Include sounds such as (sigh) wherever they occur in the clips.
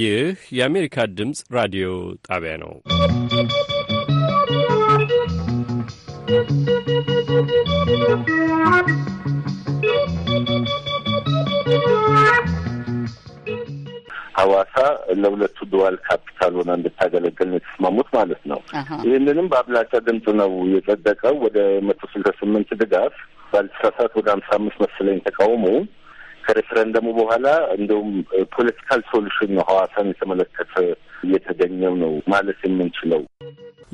ይህ የአሜሪካ ድምፅ ራዲዮ ጣቢያ ነው። ሐዋሳ ለሁለቱ ድዋል ካፒታል ሆና እንድታገለግል ነው የተስማሙት ማለት ነው። ይህንንም በአብላጫ ድምፅ ነው የጸደቀው። ወደ መቶ ስልሳ ስምንት ድጋፍ ባልተሳሳት ወደ ሀምሳ አምስት መሰለኝ ተቃውሞ ከሬፈረንደሙ በኋላ እንደውም ፖለቲካል ሶሉሽን ነው ሐዋሳን የተመለከተ እየተገኘው ነው ማለት የምንችለው።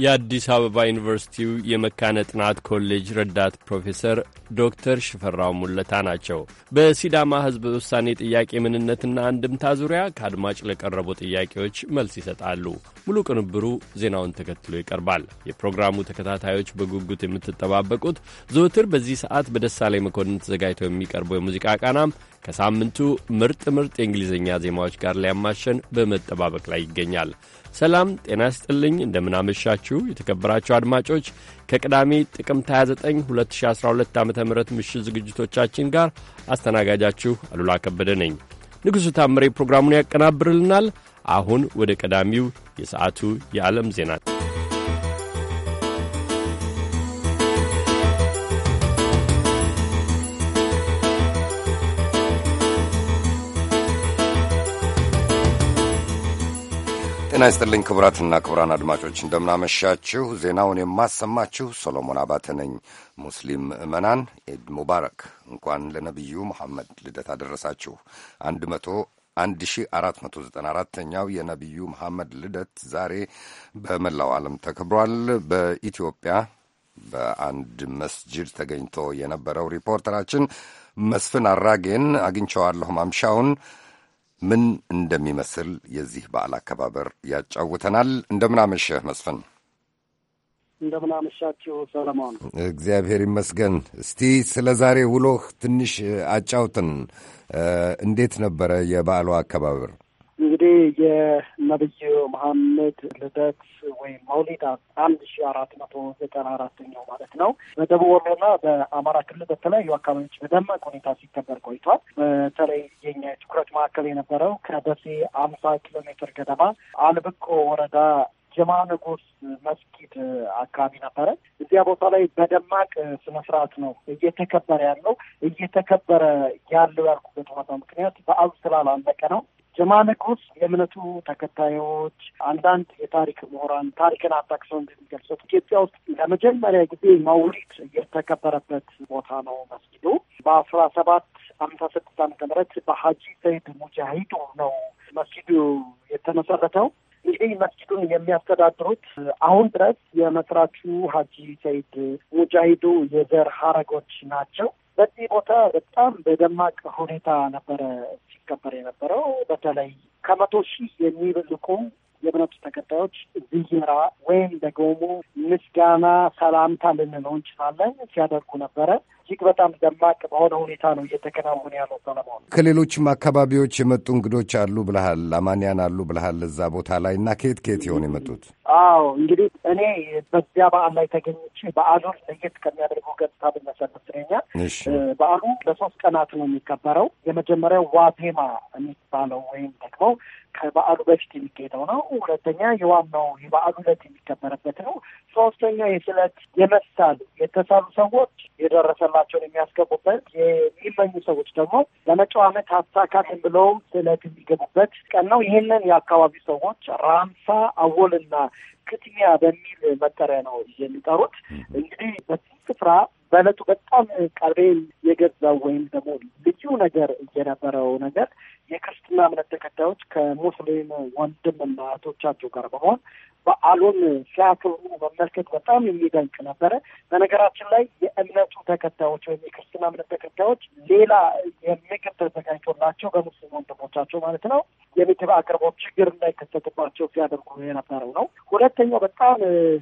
የአዲስ አበባ ዩኒቨርሲቲው የመካነ ጥናት ኮሌጅ ረዳት ፕሮፌሰር ዶክተር ሽፈራው ሙለታ ናቸው። በሲዳማ ሕዝብ ውሳኔ ጥያቄ ምንነትና አንድምታ ዙሪያ ከአድማጭ ለቀረቡ ጥያቄዎች መልስ ይሰጣሉ። ሙሉ ቅንብሩ ዜናውን ተከትሎ ይቀርባል። የፕሮግራሙ ተከታታዮች በጉጉት የምትጠባበቁት ዘወትር በዚህ ሰዓት ላይ መኮንን ተዘጋጅተው የሚቀርበው የሙዚቃ ቃናም ከሳምንቱ ምርጥ ምርጥ የእንግሊዝኛ ዜማዎች ጋር ሊያማሸን በመጠባበቅ ላይ ይገኛል። ይገኛል። ሰላም ጤና ይስጥልኝ። እንደምናመሻችሁ የተከበራችሁ አድማጮች ከቅዳሜ ጥቅምት 29 2012 ዓ ም ምሽት ዝግጅቶቻችን ጋር አስተናጋጃችሁ አሉላ ከበደ ነኝ። ንጉሡ ታምሬ ፕሮግራሙን ያቀናብርልናል። አሁን ወደ ቀዳሚው የሰዓቱ የዓለም ዜና ጤና ይስጥልኝ ክቡራትና ክቡራን አድማጮች እንደምናመሻችሁ። ዜናውን የማሰማችሁ ሶሎሞን አባተ ነኝ። ሙስሊም ምዕመናን ኢድ ሙባረክ፣ እንኳን ለነቢዩ መሐመድ ልደት አደረሳችሁ ዘጠና 1494ኛው የነቢዩ መሐመድ ልደት ዛሬ በመላው ዓለም ተከብሯል። በኢትዮጵያ በአንድ መስጅድ ተገኝቶ የነበረው ሪፖርተራችን መስፍን አራጌን አግኝቸዋለሁ ማምሻውን ምን እንደሚመስል የዚህ በዓል አከባበር ያጫውተናል። እንደምናመሸህ መስፍን። እንደምናመሻችሁ ሰለሞን። እግዚአብሔር ይመስገን። እስቲ ስለ ዛሬ ውሎህ ትንሽ አጫውትን። እንዴት ነበረ የበዓሉ አከባበር? እንግዲህ የነብዩ መሐመድ ልደት ወይም መውሊድ አንድ ሺ አራት መቶ ዘጠና አራተኛው ማለት ነው በደቡብ ወሎና በአማራ ክልል በተለያዩ አካባቢዎች በደማቅ ሁኔታ ሲከበር ቆይቷል። በተለይ የኛ ትኩረት መካከል የነበረው ከደሴ አምሳ ኪሎ ሜትር ገደማ አልብቆ ወረዳ ጀማ ንጉስ መስጊድ አካባቢ ነበረ። እዚያ ቦታ ላይ በደማቅ ስነስርዓት ነው እየተከበረ ያለው። እየተከበረ ያለው ያልኩበት ሁኔታ ምክንያት በዓሉ ስላላለቀ ነው። ዘማነኮስ የእምነቱ ተከታዮች፣ አንዳንድ የታሪክ ምሁራን ታሪክን አጣቅሰው እንደሚገልጹት ኢትዮጵያ ውስጥ ለመጀመሪያ ጊዜ መውሊድ የተከበረበት ቦታ ነው መስጊዱ። በአስራ ሰባት አምሳ ስድስት ዓመተ ምህረት በሀጂ ሰይድ ሙጃሂዱ ነው መስጊዱ የተመሰረተው። እንግዲህ መስጊዱን የሚያስተዳድሩት አሁን ድረስ የመስራቹ ሀጂ ሰይድ ሙጃሂዱ የዘር ሀረጎች ናቸው። በዚህ ቦታ በጣም በደማቅ ሁኔታ ነበረ ሲከበር የነበረው። በተለይ ከመቶ ሺህ የሚበልቁ የእምነቱ ተከታዮች ዝየራ ወይም ደግሞ ምስጋና፣ ሰላምታ ልንለው እንችላለን ሲያደርጉ ነበረ። እጅግ በጣም ደማቅ በሆነ ሁኔታ ነው እየተከናወነ ያለው። ሰለሞን፣ ከሌሎችም አካባቢዎች የመጡ እንግዶች አሉ ብልሃል፣ አማንያን አሉ ብልሃል እዛ ቦታ ላይ እና ከየት ከየት ይሆን የመጡት? አዎ እንግዲህ እኔ በዚያ በዓል ላይ ተገኝቼ በዓሉን ለየት ከሚያደርጉ ገጽታ ብነሳ ይመስለኛል። በዓሉ ለሶስት ቀናት ነው የሚከበረው። የመጀመሪያው ዋዜማ የሚባለው ወይም ደግሞ ከበዓሉ በፊት የሚካሄደው ነው። ሁለተኛ የዋናው የበዓሉ ዕለት የሚከበርበት ነው። ሶስተኛ የስዕለት የመሳል የተሳሉ ሰዎች የደረሰላቸውን የሚያስገቡበት፣ የሚመኙ ሰዎች ደግሞ ለመጪው ዓመት አሳካልን ብለው ስዕለት የሚገቡበት ቀን ነው። ይህንን የአካባቢ ሰዎች ራምሳ አወልና ክትሚያ በሚል መጠሪያ ነው የሚጠሩት። እንግዲህ በዚህ ስፍራ በእለቱ በጣም ቀልቤን የገዛው ወይም ደግሞ ልዩ ነገር የነበረው ነገር የክርስትና እምነት ተከታዮች ከሙስሊም ወንድምና እህቶቻቸው ጋር በመሆን በዓሉን ሲያከብሩ መመልከት በጣም የሚደንቅ ነበረ። በነገራችን ላይ የእምነቱ ተከታዮች ወይም የክርስትና እምነት ተከታዮች ሌላ የምግብ ተዘጋጅቶላቸው በሙስሊም ወንድሞቻቸው ማለት ነው የምግብ አቅርቦት ችግር እንዳይከሰትባቸው ሲያደርጉ የነበረው ነው። ሁለተኛው በጣም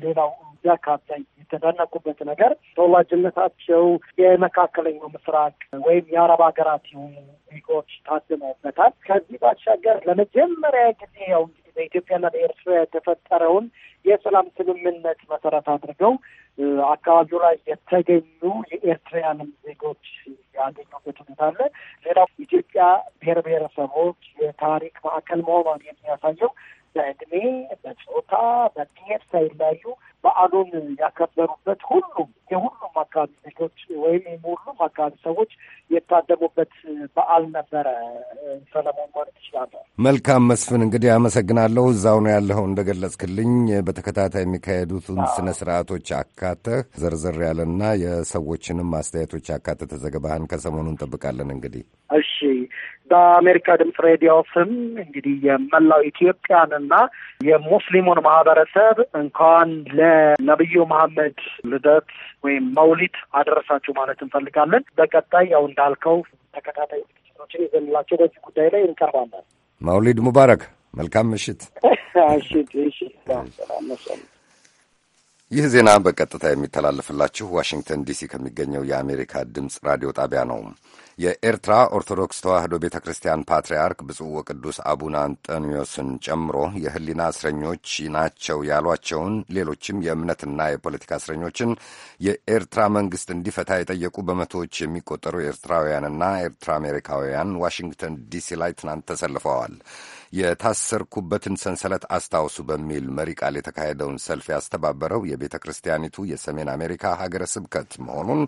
ሌላው አካባቢ የተደነቁበት ነገር ተወላጅነታቸው የመካከለኛው ምስራቅ ወይም የአረብ ሀገራት የሆኑ ዜጎች ታድመውበታል። ከዚህ ባሻገር ለመጀመሪያ ጊዜ ያው እንግዲህ በኢትዮጵያና በኤርትራ የተፈጠረውን የሰላም ስምምነት መሰረት አድርገው አካባቢው ላይ የተገኙ የኤርትራያንም ዜጎች ያገኙበት ሁኔታ አለ። ሌላው ኢትዮጵያ ብሔር ብሔረሰቦች የታሪክ ማዕከል መሆኗን የሚያሳየው በእድሜ፣ በጾታ፣ በብሔር ሳይለያዩ በዓሉን ያከበሩበት ሁሉም የሁሉም አካባቢ ልጆች ወይም የሁሉም አካባቢ ሰዎች የታደሙበት በዓል ነበረ። ሰለሞን ማለት ይችላለሁ። መልካም መስፍን፣ እንግዲህ አመሰግናለሁ። እዛው ነው ያለኸው እንደገለጽክልኝ። በተከታታይ የሚካሄዱትን ስነ ስርዓቶች አካተህ ዘርዘር ያለና የሰዎችንም አስተያየቶች አካተተ ዘገባህን ከሰሞኑ እንጠብቃለን። እንግዲህ እሺ በአሜሪካ ድምፅ ሬዲዮ ስም እንግዲህ የመላው ኢትዮጵያንና የሙስሊሙን ማህበረሰብ እንኳን ለነቢዩ መሐመድ ልደት ወይም መውሊድ አደረሳችሁ ማለት እንፈልጋለን። በቀጣይ ያው እንዳልከው ተከታታይ ዝግጅቶችን ይዘንላቸው በዚህ ጉዳይ ላይ እንቀርባለን። መውሊድ ሙባረክ። መልካም ምሽት። (laughs) እሺ፣ እሺ። ይህ ዜና በቀጥታ የሚተላለፍላችሁ ዋሽንግተን ዲሲ ከሚገኘው የአሜሪካ ድምፅ ራዲዮ ጣቢያ ነው። የኤርትራ ኦርቶዶክስ ተዋሕዶ ቤተ ክርስቲያን ፓትርያርክ ብፁዕ ወቅዱስ አቡነ አንጠኒዮስን ጨምሮ የሕሊና እስረኞች ናቸው ያሏቸውን ሌሎችም የእምነትና የፖለቲካ እስረኞችን የኤርትራ መንግሥት እንዲፈታ የጠየቁ በመቶዎች የሚቆጠሩ ኤርትራውያንና ኤርትራ አሜሪካውያን ዋሽንግተን ዲሲ ላይ ትናንት ተሰልፈዋል። የታሰርኩበትን ሰንሰለት አስታውሱ በሚል መሪ ቃል የተካሄደውን ሰልፍ ያስተባበረው የቤተ ክርስቲያኒቱ የሰሜን አሜሪካ ሀገረ ስብከት መሆኑን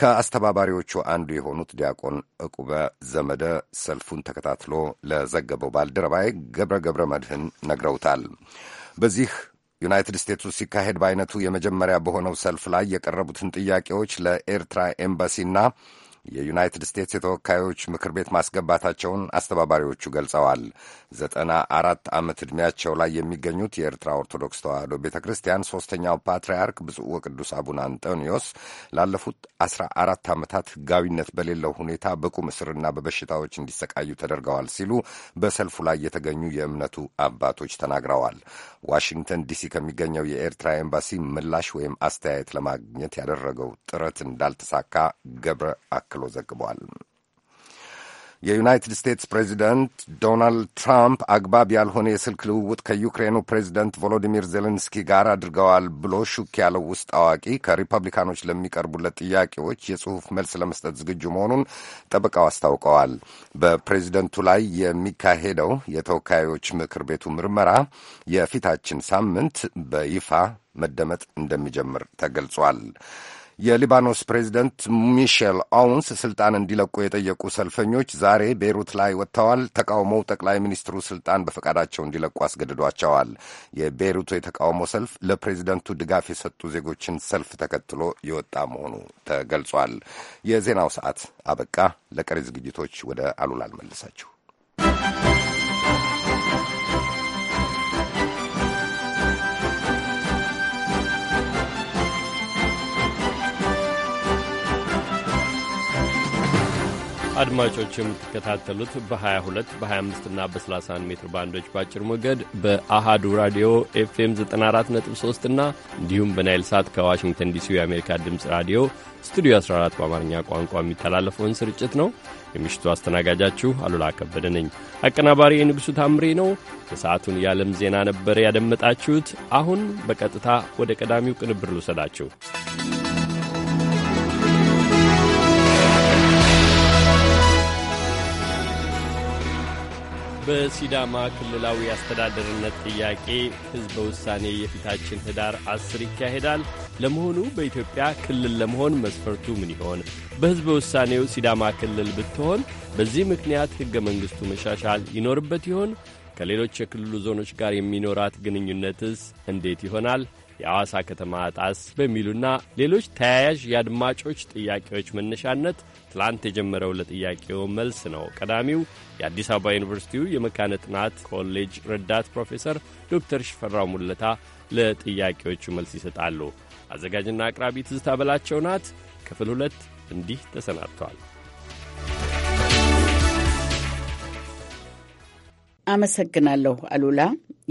ከአስተባባሪዎቹ አንዱ የሆኑት ዲያቆን ዕቁበ ዘመደ ሰልፉን ተከታትሎ ለዘገበው ባልደረባዬ ገብረ ገብረ መድህን ነግረውታል። በዚህ ዩናይትድ ስቴትስ ውስጥ ሲካሄድ በአይነቱ የመጀመሪያ በሆነው ሰልፍ ላይ የቀረቡትን ጥያቄዎች ለኤርትራ ኤምባሲና የዩናይትድ ስቴትስ የተወካዮች ምክር ቤት ማስገባታቸውን አስተባባሪዎቹ ገልጸዋል። ዘጠና አራት ዓመት ዕድሜያቸው ላይ የሚገኙት የኤርትራ ኦርቶዶክስ ተዋሕዶ ቤተ ክርስቲያን ሦስተኛው ፓትርያርክ ብፁዕ ወቅዱስ አቡነ አንጦኒዮስ ላለፉት አስራ አራት ዓመታት ሕጋዊነት በሌለው ሁኔታ በቁም እስርና በበሽታዎች እንዲሰቃዩ ተደርገዋል ሲሉ በሰልፉ ላይ የተገኙ የእምነቱ አባቶች ተናግረዋል። ዋሽንግተን ዲሲ ከሚገኘው የኤርትራ ኤምባሲ ምላሽ ወይም አስተያየት ለማግኘት ያደረገው ጥረት እንዳልተሳካ ገብረ አክሎ አክሎ ዘግቧል። የዩናይትድ ስቴትስ ፕሬዚደንት ዶናልድ ትራምፕ አግባብ ያልሆነ የስልክ ልውውጥ ከዩክሬኑ ፕሬዚደንት ቮሎዲሚር ዜሌንስኪ ጋር አድርገዋል ብሎ ሹክ ያለው ውስጥ አዋቂ ከሪፐብሊካኖች ለሚቀርቡለት ጥያቄዎች የጽሑፍ መልስ ለመስጠት ዝግጁ መሆኑን ጠበቃው አስታውቀዋል። በፕሬዚደንቱ ላይ የሚካሄደው የተወካዮች ምክር ቤቱ ምርመራ የፊታችን ሳምንት በይፋ መደመጥ እንደሚጀምር ተገልጿል። የሊባኖስ ፕሬዚደንት ሚሼል አውንስ ስልጣን እንዲለቁ የጠየቁ ሰልፈኞች ዛሬ ቤይሩት ላይ ወጥተዋል። ተቃውሞው ጠቅላይ ሚኒስትሩ ስልጣን በፈቃዳቸው እንዲለቁ አስገድዷቸዋል። የቤይሩቱ የተቃውሞ ሰልፍ ለፕሬዚደንቱ ድጋፍ የሰጡ ዜጎችን ሰልፍ ተከትሎ የወጣ መሆኑ ተገልጿል። የዜናው ሰዓት አበቃ። ለቀሪ ዝግጅቶች ወደ አሉላ አልመልሳችሁ። አድማጮች የምትከታተሉት በ22 በ25ና በ31 ሜትር ባንዶች በአጭር ሞገድ በአሃዱ ራዲዮ ኤፍኤም 943 እና እንዲሁም በናይል ሳት ከዋሽንግተን ዲሲ የአሜሪካ ድምፅ ራዲዮ ስቱዲዮ 14 በአማርኛ ቋንቋ የሚተላለፈውን ስርጭት ነው። የምሽቱ አስተናጋጃችሁ አሉላ ከበደ ነኝ። አቀናባሪ የንጉሡ ታምሬ ነው። የሰዓቱን የዓለም ዜና ነበር ያደመጣችሁት። አሁን በቀጥታ ወደ ቀዳሚው ቅንብር ልውሰዳችሁ። በሲዳማ ክልላዊ አስተዳደርነት ጥያቄ ሕዝበ ውሳኔ የፊታችን ህዳር አስር ይካሄዳል። ለመሆኑ በኢትዮጵያ ክልል ለመሆን መስፈርቱ ምን ይሆን? በሕዝበ ውሳኔው ሲዳማ ክልል ብትሆን በዚህ ምክንያት ሕገ መንግሥቱ መሻሻል ይኖርበት ይሆን? ከሌሎች የክልሉ ዞኖች ጋር የሚኖራት ግንኙነትስ እንዴት ይሆናል? የአዋሳ ከተማ ጣስ በሚሉና ሌሎች ተያያዥ የአድማጮች ጥያቄዎች መነሻነት ትላንት የጀመረው ለጥያቄው መልስ ነው። ቀዳሚው የአዲስ አበባ ዩኒቨርሲቲው የመካነ ጥናት ኮሌጅ ረዳት ፕሮፌሰር ዶክተር ሽፈራው ሙለታ ለጥያቄዎቹ መልስ ይሰጣሉ። አዘጋጅና አቅራቢ ትዝታ በላቸው ናት። ክፍል ሁለት እንዲህ ተሰናድቷል። አመሰግናለሁ አሉላ።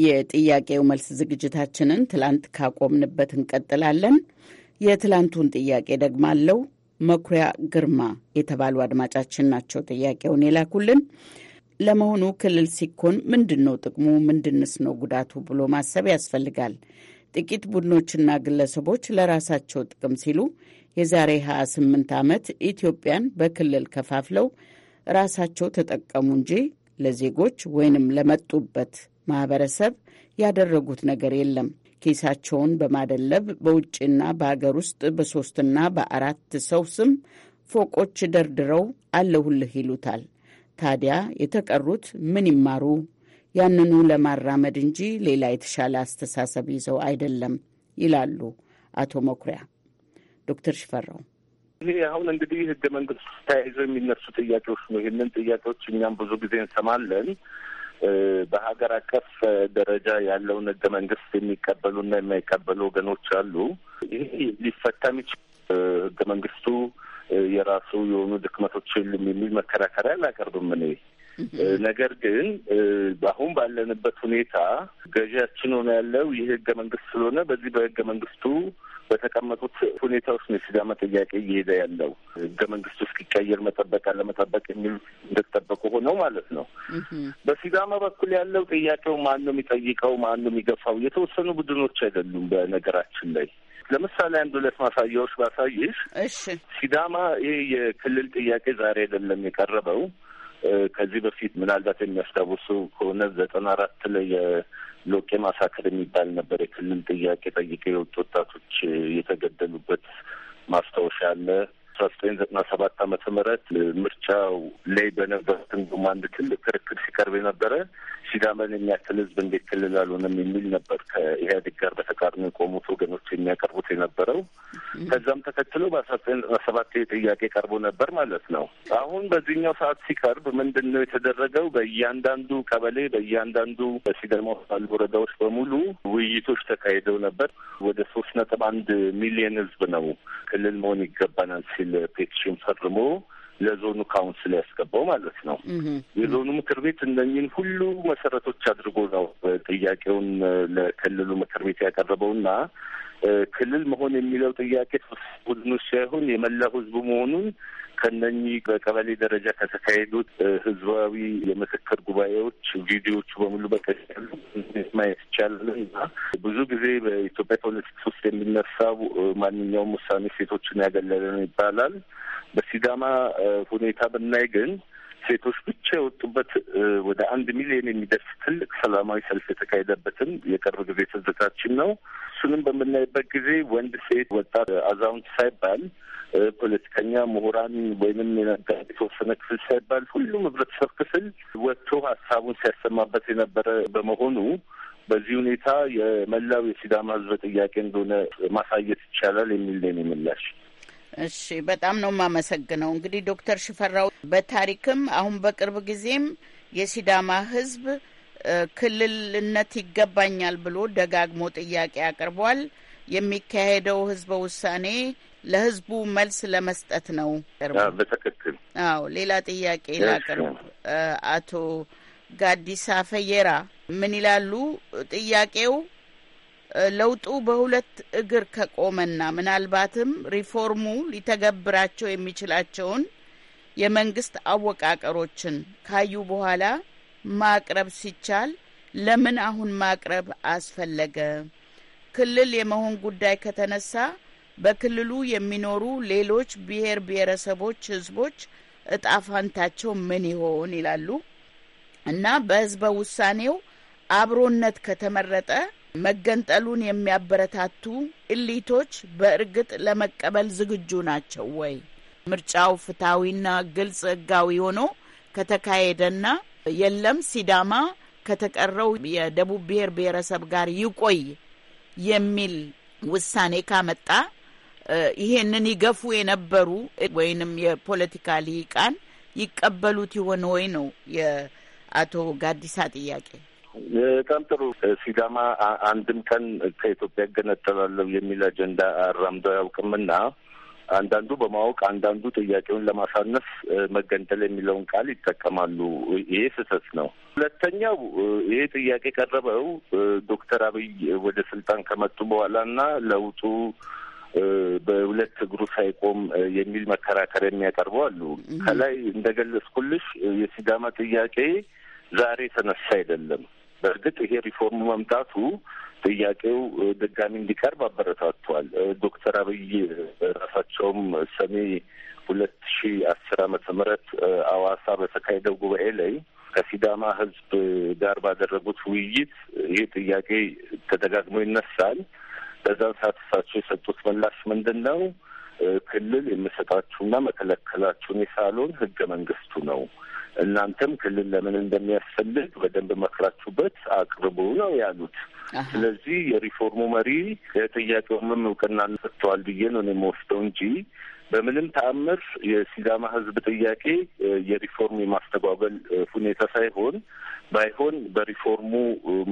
የጥያቄው መልስ ዝግጅታችንን ትላንት ካቆምንበት እንቀጥላለን። የትላንቱን ጥያቄ ደግማለው። መኩሪያ ግርማ የተባሉ አድማጫችን ናቸው ጥያቄውን የላኩልን። ለመሆኑ ክልል ሲኮን ምንድን ነው ጥቅሙ? ምንድንስ ነው ጉዳቱ ብሎ ማሰብ ያስፈልጋል። ጥቂት ቡድኖችና ግለሰቦች ለራሳቸው ጥቅም ሲሉ የዛሬ 28 ዓመት ኢትዮጵያን በክልል ከፋፍለው ራሳቸው ተጠቀሙ እንጂ ለዜጎች ወይንም ለመጡበት ማህበረሰብ ያደረጉት ነገር የለም። ኪሳቸውን በማደለብ በውጭና በአገር ውስጥ በሶስትና በአራት ሰው ስም ፎቆች ደርድረው አለሁልህ ይሉታል። ታዲያ የተቀሩት ምን ይማሩ? ያንኑ ለማራመድ እንጂ ሌላ የተሻለ አስተሳሰብ ይዘው አይደለም ይላሉ አቶ መኩሪያ ዶክተር ሽፈራው ይሄ አሁን እንግዲህ ህገ መንግስት ተያይዘው የሚነሱ ጥያቄዎች ነው። ይህንን ጥያቄዎች እኛም ብዙ ጊዜ እንሰማለን። በሀገር አቀፍ ደረጃ ያለውን ህገ መንግስት የሚቀበሉና የማይቀበሉ ወገኖች አሉ። ይሄ ሊፈታ የሚችል ህገ መንግስቱ የራሱ የሆኑ ድክመቶች የሉም የሚል መከራከሪያ አላቀርብም እኔ። ነገር ግን አሁን ባለንበት ሁኔታ ገዢያችን ሆነ ያለው ይህ ህገ መንግስት ስለሆነ በዚህ በህገ መንግስቱ በተቀመጡት ሁኔታዎች ነው የሲዳማ ጥያቄ እየሄደ ያለው። ህገ መንግስቱ እስኪቀየር መጠበቅ አለመጠበቅ የሚል እንደተጠበቁ ሆነው ማለት ነው። በሲዳማ በኩል ያለው ጥያቄው ማን ነው የሚጠይቀው? ማን ነው የሚገፋው? የተወሰኑ ቡድኖች አይደሉም። በነገራችን ላይ ለምሳሌ አንድ ሁለት ማሳያዎች ባሳይሽ፣ ሲዳማ ይህ የክልል ጥያቄ ዛሬ አይደለም የቀረበው ከዚህ በፊት ምናልባት የሚያስታውሱ ከሆነ ዘጠና አራት ላይ የሎቄ ማሳከር የሚባል ነበር። የክልል ጥያቄ ጠይቀው የወጡ ወጣቶች የተገደሉበት ማስታወሻ አለ። አስራ ዘጠኝ ዘጠና ሰባት ምህረት ምርጫው ላይ በነበረት አንድ ትልቅ ክርክር ሲቀርብ የነበረ ሲዳመን የሚያክል ህዝብ እንዴት ክልል አልሆነም የሚል ነበር ከኢህአዴግ ጋር በተቃርኖ የቆሙት ወገኖች የሚያቀርቡት የነበረው። ከዛም ተከትሎ በአስራ ዘጠኝ ዘጠና ሰባት ጥያቄ ቀርቦ ነበር ማለት ነው። አሁን በዚህኛው ሰዓት ሲቀርብ ምንድን ነው የተደረገው? በእያንዳንዱ ቀበሌ በእያንዳንዱ በሲዳማ ውስጥ ባሉ ወረዳዎች በሙሉ ውይይቶች ተካሂደው ነበር። ወደ ሶስት ነጥብ አንድ ሚሊየን ህዝብ ነው ክልል መሆን ይገባናል ሲል የሚል ፔቲሽን ፈርሞ ለዞኑ ካውንስል ያስገባው ማለት ነው። የዞኑ ምክር ቤት እነኝን ሁሉ መሰረቶች አድርጎ ነው ጥያቄውን ለክልሉ ምክር ቤት ያቀረበውና ክልል መሆን የሚለው ጥያቄ ቡድኑ ሳይሆን የመላው ህዝቡ መሆኑን ከነኚህ በቀበሌ ደረጃ ከተካሄዱት ህዝባዊ የምክክር ጉባኤዎች ቪዲዮዎቹ በሙሉ በቀሉ ማየት ይቻላል እና ብዙ ጊዜ በኢትዮጵያ ፖለቲክስ ውስጥ የሚነሳው ማንኛውም ውሳኔ ሴቶችን ያገለለ ነው ይባላል። በሲዳማ ሁኔታ ብናይ ግን ሴቶች ብቻ የወጡበት ወደ አንድ ሚሊዮን የሚደርስ ትልቅ ሰላማዊ ሰልፍ የተካሄደበትን የቅርብ ጊዜ ትዝታችን ነው። እሱንም በምናይበት ጊዜ ወንድ፣ ሴት፣ ወጣት፣ አዛውንት ሳይባል ፖለቲከኛ፣ ምሁራን ወይንም የነጋ የተወሰነ ክፍል ሳይባል ሁሉም ህብረተሰብ ክፍል ወጥቶ ሀሳቡን ሲያሰማበት የነበረ በመሆኑ በዚህ ሁኔታ የመላው የሲዳማ ህዝብ ጥያቄ እንደሆነ ማሳየት ይቻላል የሚል ነው የምላሽ። እሺ በጣም ነው የማመሰግነው። እንግዲህ ዶክተር ሽፈራው በታሪክም አሁን በቅርብ ጊዜም የሲዳማ ህዝብ ክልልነት ይገባኛል ብሎ ደጋግሞ ጥያቄ አቅርቧል። የሚካሄደው ህዝበ ውሳኔ ለህዝቡ መልስ ለመስጠት ነው። በትክክል አዎ። ሌላ ጥያቄ ላቅርብ። አቶ ጋዲሳ ፈየራ ምን ይላሉ? ጥያቄው ለውጡ በሁለት እግር ከቆመና ምናልባትም ሪፎርሙ ሊተገብራቸው የሚችላቸውን የመንግስት አወቃቀሮችን ካዩ በኋላ ማቅረብ ሲቻል ለምን አሁን ማቅረብ አስፈለገ? ክልል የመሆን ጉዳይ ከተነሳ በክልሉ የሚኖሩ ሌሎች ብሔር ብሔረሰቦች፣ ህዝቦች እጣ ፋንታቸው ምን ይሆን ይላሉ እና በህዝበ ውሳኔው አብሮነት ከተመረጠ መገንጠሉን የሚያበረታቱ እሊቶች በእርግጥ ለመቀበል ዝግጁ ናቸው ወይ? ምርጫው ፍትሐዊና ግልጽ ህጋዊ ሆኖ ከተካሄደና የለም ሲዳማ ከተቀረው የደቡብ ብሔር ብሔረሰብ ጋር ይቆይ የሚል ውሳኔ ካመጣ ይሄንን ይገፉ የነበሩ ወይንም የፖለቲካ ልሂቃን ይቀበሉት ይሆን ወይ ነው የአቶ ጋዲሳ ጥያቄ። በጣም ጥሩ። ሲዳማ አንድም ቀን ከኢትዮጵያ ይገነጠላለሁ የሚል አጀንዳ አራምዶ አያውቅምና አንዳንዱ በማወቅ አንዳንዱ ጥያቄውን ለማሳነስ መገንጠል የሚለውን ቃል ይጠቀማሉ። ይሄ ስህተት ነው። ሁለተኛው ይሄ ጥያቄ ቀረበው ዶክተር አብይ ወደ ስልጣን ከመጡ በኋላና ለውጡ በሁለት እግሩ ሳይቆም የሚል መከራከሪያ የሚያቀርቡ አሉ። ከላይ እንደገለጽኩልሽ የሲዳማ ጥያቄ ዛሬ የተነሳ አይደለም። በእርግጥ ይሄ ሪፎርም መምጣቱ ጥያቄው ድጋሚ እንዲቀርብ አበረታቷል። ዶክተር አብይ ራሳቸውም ሰኔ ሁለት ሺ አስር አመተ ምህረት አዋሳ በተካሄደው ጉባኤ ላይ ከሲዳማ ህዝብ ጋር ባደረጉት ውይይት ይህ ጥያቄ ተደጋግሞ ይነሳል። በዛን ሰዓት እሳቸው የሰጡት ምላሽ ምንድን ነው? ክልል የምሰጣችሁና መከለከላችሁን የሳሎን ህገ መንግስቱ ነው እናንተም ክልል ለምን እንደሚያስፈልግ በደንብ መክራችሁበት አቅርቡ ነው ያሉት። ስለዚህ የሪፎርሙ መሪ የጥያቄውንም እውቅና ሰጥተዋል ብዬ ነው የምወስደው እንጂ በምንም ተአምር የሲዳማ ሕዝብ ጥያቄ የሪፎርም የማስተጓጎል ሁኔታ ሳይሆን ባይሆን በሪፎርሙ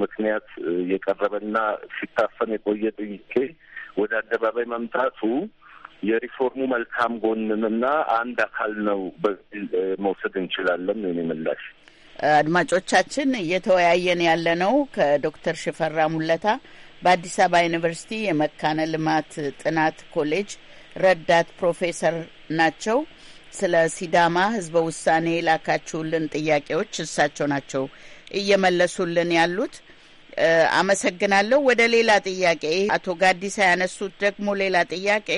ምክንያት የቀረበና ሲታፈን የቆየ ጥያቄ ወደ አደባባይ መምጣቱ የሪፎርሙ መልካም ጎንንና አንድ አካል ነው በሚል መውሰድ እንችላለን። የኔ ምላሽ አድማጮቻችን፣ እየተወያየን ያለ ነው ከዶክተር ሽፈራ ሙለታ በአዲስ አበባ ዩኒቨርሲቲ የመካነ ልማት ጥናት ኮሌጅ ረዳት ፕሮፌሰር ናቸው። ስለ ሲዳማ ህዝበ ውሳኔ የላካችሁልን ጥያቄዎች እሳቸው ናቸው እየመለሱልን ያሉት። አመሰግናለሁ። ወደ ሌላ ጥያቄ አቶ ጋዲሳ ያነሱት ደግሞ ሌላ ጥያቄ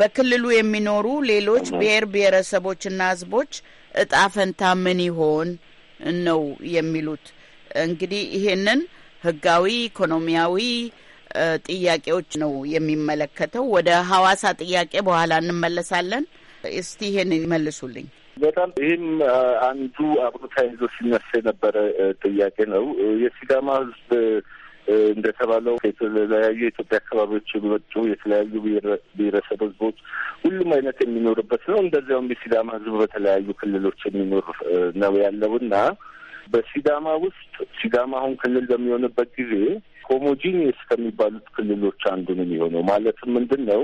በክልሉ የሚኖሩ ሌሎች ብሔር ብሔረሰቦችና ህዝቦች እጣ ፈንታ ምን ይሆን ነው የሚሉት። እንግዲህ ይሄንን ህጋዊ፣ ኢኮኖሚያዊ ጥያቄዎች ነው የሚመለከተው። ወደ ሀዋሳ ጥያቄ በኋላ እንመለሳለን። እስቲ ይሄን ይመልሱልኝ። በጣም ይህም አንዱ አብሮ ተያይዞ ሲነሳ የነበረ ጥያቄ ነው። የሲዳማ ህዝብ እንደተባለው ከተለያዩ የኢትዮጵያ አካባቢዎች የሚመጡ የተለያዩ ብሔረሰብ ህዝቦች ሁሉም አይነት የሚኖርበት ነው። እንደዚያውም የሲዳማ ህዝብ በተለያዩ ክልሎች የሚኖር ነው ያለው እና በሲዳማ ውስጥ ሲዳማ አሁን ክልል በሚሆንበት ጊዜ ሆሞጂኒየስ ከሚባሉት ክልሎች አንዱ ነው የሚሆነው። ማለትም ምንድን ነው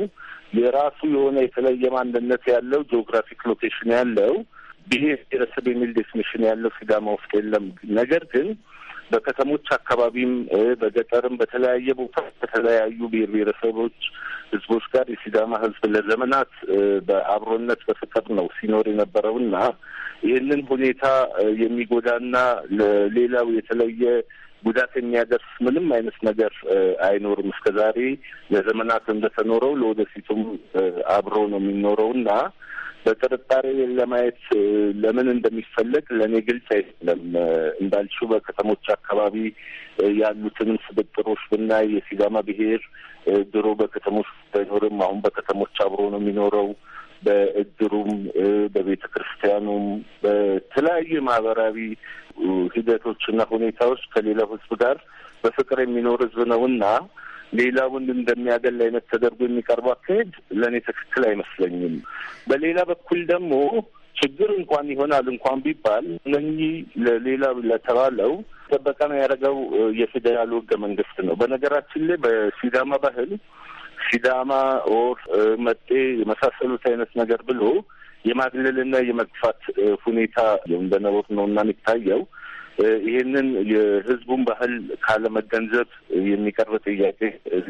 የራሱ የሆነ የተለየ ማንነት ያለው ጂኦግራፊክ ሎኬሽን ያለው ብሄር ብሔረሰብ የሚል ዴፊኒሽን ያለው ሲዳማ ውስጥ የለም። ነገር ግን በከተሞች አካባቢም በገጠርም በተለያየ ቦታ ከተለያዩ ብሔር ብሔረሰቦች ህዝቦች ጋር የሲዳማ ህዝብ ለዘመናት በአብሮነት በፍቅር ነው ሲኖር የነበረውና ይህንን ሁኔታ የሚጎዳና ለሌላው የተለየ ጉዳት የሚያደርስ ምንም አይነት ነገር አይኖርም። እስከ ዛሬ ለዘመናት እንደተኖረው ለወደፊቱም አብሮ ነው የሚኖረው እና በጥርጣሬ ለማየት ለምን እንደሚፈለግ ለእኔ ግልጽ አይደለም። እንዳልሽው በከተሞች አካባቢ ያሉትን ስብጥሮች ብናይ የሲዳማ ብሔር ድሮ በከተሞች ባይኖርም አሁን በከተሞች አብሮ ነው የሚኖረው። በእድሩም በቤተ ክርስቲያኑም በተለያዩ ማህበራዊ ሂደቶችና ሁኔታዎች ከሌላው ህዝብ ጋር በፍቅር የሚኖር ነው ነውና ሌላውን እንደሚያገል አይነት ተደርጎ የሚቀርበው አካሄድ ለእኔ ትክክል አይመስለኝም። በሌላ በኩል ደግሞ ችግር እንኳን ይሆናል እንኳን ቢባል እነኚህ ለሌላ ለተባለው ጥበቃ ነው ያደረገው የፌዴራሉ ህገ መንግስት ነው። በነገራችን ላይ በሲዳማ ባህል ሲዳማ ኦር መጤ የመሳሰሉት አይነት ነገር ብሎ የማግለልና የመግፋት ሁኔታ እንደ ነው እና የሚታየው ይህንን የህዝቡን ባህል ካለመገንዘብ የሚቀርብ ጥያቄ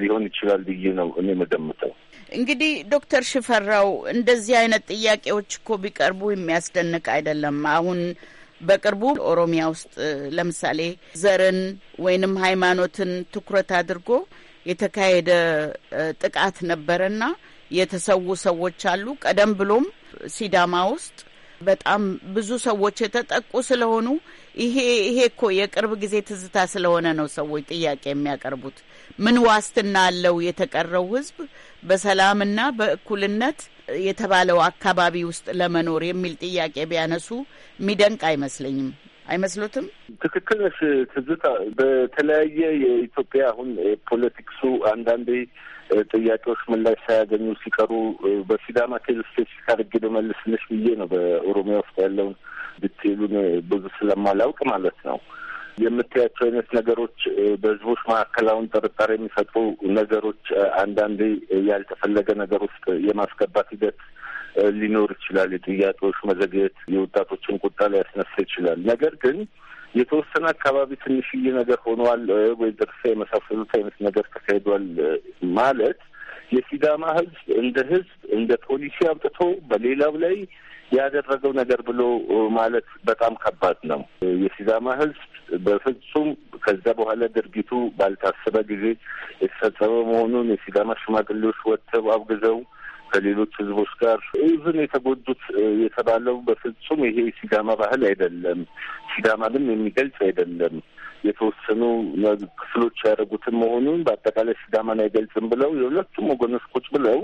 ሊሆን ይችላል ብዬ ነው እኔ መገምተው። እንግዲህ ዶክተር ሽፈራው እንደዚህ አይነት ጥያቄዎች እኮ ቢቀርቡ የሚያስደንቅ አይደለም። አሁን በቅርቡ ኦሮሚያ ውስጥ ለምሳሌ ዘርን ወይንም ሃይማኖትን ትኩረት አድርጎ የተካሄደ ጥቃት ነበረና የተሰዉ ሰዎች አሉ። ቀደም ብሎም ሲዳማ ውስጥ በጣም ብዙ ሰዎች የተጠቁ ስለሆኑ ይሄ ይሄ እኮ የቅርብ ጊዜ ትዝታ ስለሆነ ነው ሰዎች ጥያቄ የሚያቀርቡት። ምን ዋስትና አለው የተቀረው ህዝብ በሰላምና በእኩልነት የተባለው አካባቢ ውስጥ ለመኖር የሚል ጥያቄ ቢያነሱ የሚደንቅ አይመስለኝም። አይመስሉትም ትክክል ነሽ ትዝታ። በተለያየ የኢትዮጵያ አሁን ፖለቲክሱ አንዳንዴ ጥያቄዎች ምላሽ ሳያገኙ ሲቀሩ በሲዳማ ኬዝ ስፔሲፊክ አድርጌ ልመልስልሽ ብዬ ነው። በኦሮሚያ ውስጥ ያለውን ብትሉን ብዙ ስለማላውቅ ማለት ነው። የምታያቸው አይነት ነገሮች በህዝቦች መካከል አሁን ጥርጣሬ የሚፈጥሩ ነገሮች፣ አንዳንዴ ያልተፈለገ ነገር ውስጥ የማስገባት ሂደት ሊኖር ይችላል። የጥያቄዎች መዘግየት የወጣቶችን ቁጣ ሊያስነሳ ይችላል። ነገር ግን የተወሰነ አካባቢ ትንሽዬ ነገር ሆኗል ወይ ደርሳ የመሳሰሉት አይነት ነገር ተካሂዷል ማለት የሲዳማ ህዝብ እንደ ህዝብ እንደ ፖሊሲ አምጥቶ በሌላው ላይ ያደረገው ነገር ብሎ ማለት በጣም ከባድ ነው። የሲዳማ ህዝብ በፍጹም ከዛ በኋላ ድርጊቱ ባልታሰበ ጊዜ የተፈጸመ መሆኑን የሲዳማ ሽማግሌዎች ወጥተው አውግዘው ከሌሎች ህዝቦች ጋር ኢቭን የተጎዱት የተባለው በፍጹም ይሄ ሲዳማ ባህል አይደለም፣ ሲዳማንም የሚገልጽ አይደለም፣ የተወሰኑ ክፍሎች ያደረጉትን መሆኑን በአጠቃላይ ሲዳማን አይገልጽም ብለው የሁለቱም ወገኖች ቁጭ ብለው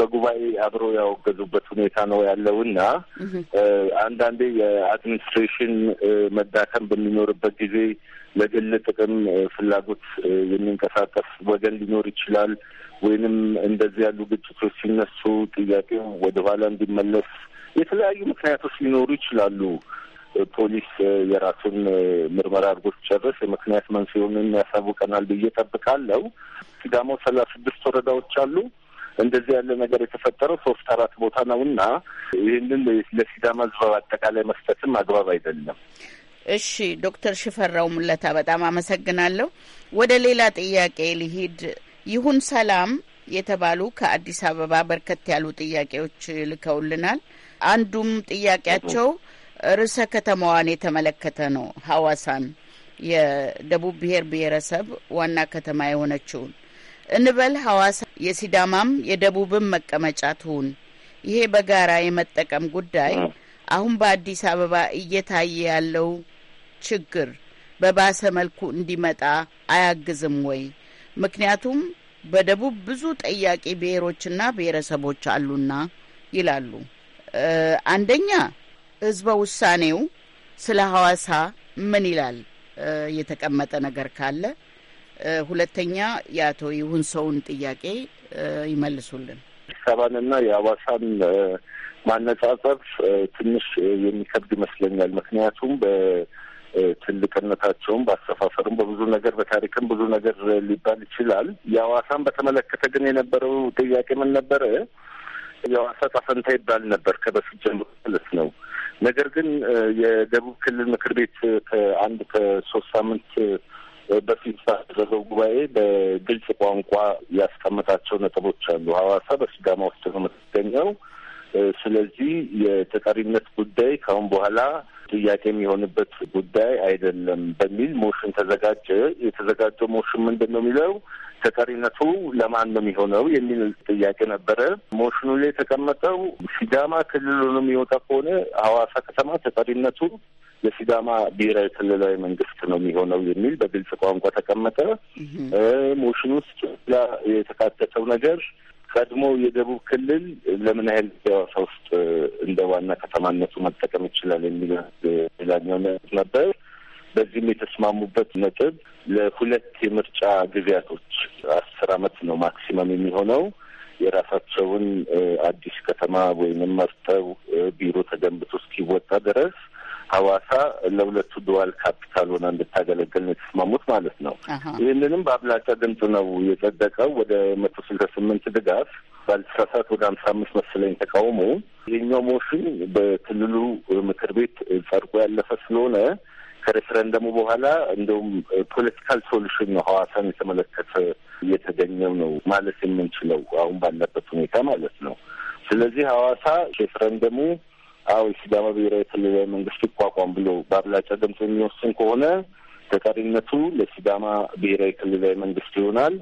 በጉባኤ አብረው ያወገዙበት ሁኔታ ነው ያለው እና አንዳንዴ የአድሚኒስትሬሽን መዳከም በሚኖርበት ጊዜ ለግል ጥቅም ፍላጎት የሚንቀሳቀስ ወገን ሊኖር ይችላል። ወይንም እንደዚህ ያሉ ግጭቶች ሲነሱ ጥያቄው ወደ ኋላ እንዲመለስ የተለያዩ ምክንያቶች ሊኖሩ ይችላሉ። ፖሊስ የራሱን ምርመራ አድርጎ ሲጨርስ የምክንያት መንስኤውን ያሳውቀናል ብዬ ጠብቃለሁ። ሲዳሞ ሰላሳ ስድስት ወረዳዎች አሉ። እንደዚህ ያለ ነገር የተፈጠረው ሶስት አራት ቦታ ነው እና ይህንን ለሲዳማ ሕዝብ አጠቃላይ መስጠትም አግባብ አይደለም። እሺ ዶክተር ሽፈራው ሙለታ በጣም አመሰግናለሁ። ወደ ሌላ ጥያቄ ልሂድ። ይሁን ሰላም የተባሉ ከአዲስ አበባ በርከት ያሉ ጥያቄዎች ልከውልናል። አንዱም ጥያቄያቸው ርዕሰ ከተማዋን የተመለከተ ነው። ሐዋሳን የደቡብ ብሔር ብሔረሰብ ዋና ከተማ የሆነችውን እንበል ሐዋሳ የሲዳማም የደቡብም መቀመጫ ትሁን። ይሄ በጋራ የመጠቀም ጉዳይ አሁን በአዲስ አበባ እየታየ ያለው ችግር በባሰ መልኩ እንዲመጣ አያግዝም ወይ? ምክንያቱም በደቡብ ብዙ ጠያቂ ብሔሮችና ብሔረሰቦች አሉና ይላሉ። አንደኛ ህዝበ ውሳኔው ስለ ሐዋሳ ምን ይላል የተቀመጠ ነገር ካለ፣ ሁለተኛ የአቶ ይሁን ሰውን ጥያቄ ይመልሱልን። አዲስ አበባንና የሐዋሳን ማነጻጸር ትንሽ የሚከብድ ይመስለኛል። ምክንያቱም ትልቅነታቸውም በአሰፋፈርም በብዙ ነገር በታሪክም ብዙ ነገር ሊባል ይችላል። የአዋሳን በተመለከተ ግን የነበረው ጥያቄ ምን ነበረ? የአዋሳ ጣፈንታ ይባል ነበር ከበፊት ጀምሮ ማለት ነው። ነገር ግን የደቡብ ክልል ምክር ቤት ከአንድ ከሶስት ሳምንት በፊት ባደረገው ጉባኤ በግልጽ ቋንቋ ያስቀመጣቸው ነጥቦች አሉ። ሐዋሳ በሲዳማ ውስጥ ነው የምትገኘው። ስለዚህ የተጠሪነት ጉዳይ ከአሁን በኋላ ጥያቄ የሚሆንበት ጉዳይ አይደለም በሚል ሞሽን ተዘጋጀ። የተዘጋጀው ሞሽን ምንድን ነው የሚለው ተጠሪነቱ ለማን ነው የሚሆነው የሚል ጥያቄ ነበረ። ሞሽኑ ላይ የተቀመጠው ሲዳማ ክልል ነው የሚወጣ ከሆነ ሀዋሳ ከተማ ተጠሪነቱ የሲዳማ ብሔራዊ ክልላዊ መንግስት ነው የሚሆነው የሚል በግልጽ ቋንቋ ተቀመጠ። ሞሽን ውስጥ የተካተተው ነገር ቀድሞ የደቡብ ክልል ለምን ያህል ሐዋሳ ውስጥ እንደ ዋና ከተማነቱ መጠቀም ይችላል የሚል ሌላኛው ነበር። በዚህም የተስማሙበት ነጥብ ለሁለት የምርጫ ጊዜያቶች አስር አመት ነው ማክሲመም የሚሆነው የራሳቸውን አዲስ ከተማ ወይንም መርጠው ቢሮ ተገንብቶ እስኪወጣ ድረስ ሀዋሳ ለሁለቱ ድዋል ካፒታል ሆና እንድታገለግል ነው የተስማሙት ማለት ነው። ይህንንም በአብላጫ ድምፅ ነው የጸደቀው። ወደ መቶ ስልሳ ስምንት ድጋፍ ባልተሳሳት ወደ ሀምሳ አምስት መሰለኝ ተቃውሞ። ይህኛው ሞሽን በክልሉ ምክር ቤት ጸድቆ ያለፈ ስለሆነ ከሬፈረንደሙ በኋላ እንደውም ፖለቲካል ሶሉሽን ነው ሀዋሳን የተመለከተ እየተገኘው ነው ማለት የምንችለው አሁን ባለበት ሁኔታ ማለት ነው። ስለዚህ ሐዋሳ ሬፈረንደሙ አሁን ሲዳማ ብሔራዊ ክልላዊ መንግስት ይቋቋም ብሎ በአብላጫ ድምፅ የሚወስን ከሆነ ተጠሪነቱ ለሲዳማ ብሔራዊ ክልላዊ መንግስት ይሆናል።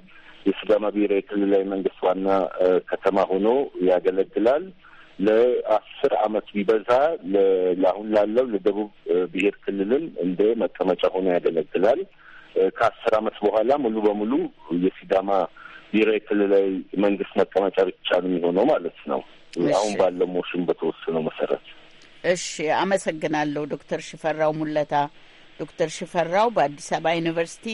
የሲዳማ ብሔራዊ ክልላዊ መንግስት ዋና ከተማ ሆኖ ያገለግላል። ለአስር አመት ቢበዛ ለአሁን ላለው ለደቡብ ብሔር ክልልም እንደ መቀመጫ ሆኖ ያገለግላል። ከአስር አመት በኋላ ሙሉ በሙሉ የሲዳማ ብሔራዊ ክልላዊ መንግስት መቀመጫ ብቻ ነው የሚሆነው ማለት ነው። አሁን ባለው ሞሽን በተወሰነው መሰረት። እሺ፣ አመሰግናለሁ ዶክተር ሽፈራው ሙለታ። ዶክተር ሽፈራው በአዲስ አበባ ዩኒቨርሲቲ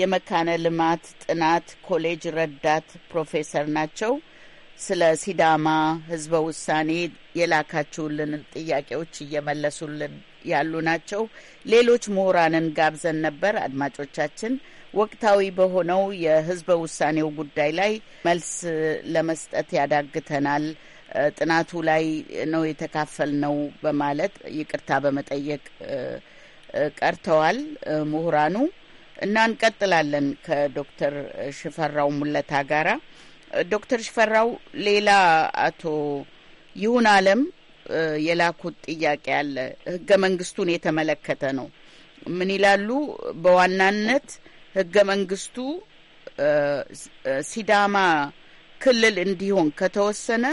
የመካነ ልማት ጥናት ኮሌጅ ረዳት ፕሮፌሰር ናቸው። ስለ ሲዳማ ህዝበ ውሳኔ የላካችሁልን ጥያቄዎች እየመለሱልን ያሉ ናቸው። ሌሎች ምሁራንን ጋብዘን ነበር። አድማጮቻችን ወቅታዊ በሆነው የህዝበ ውሳኔው ጉዳይ ላይ መልስ ለመስጠት ያዳግተናል ጥናቱ ላይ ነው ነው በማለት ይቅርታ በመጠየቅ ቀርተዋል ምሁራኑ እና እንቀጥላለን ከዶክተር ሽፈራው ሙለታ ጋራ። ዶክተር ሽፈራው ሌላ አቶ ይሁን አለም የላኩት ጥያቄ አለ። ህገ መንግስቱን የተመለከተ ነው። ምን ይላሉ? በዋናነት ህገ መንግስቱ ሲዳማ ክልል እንዲሆን ከተወሰነ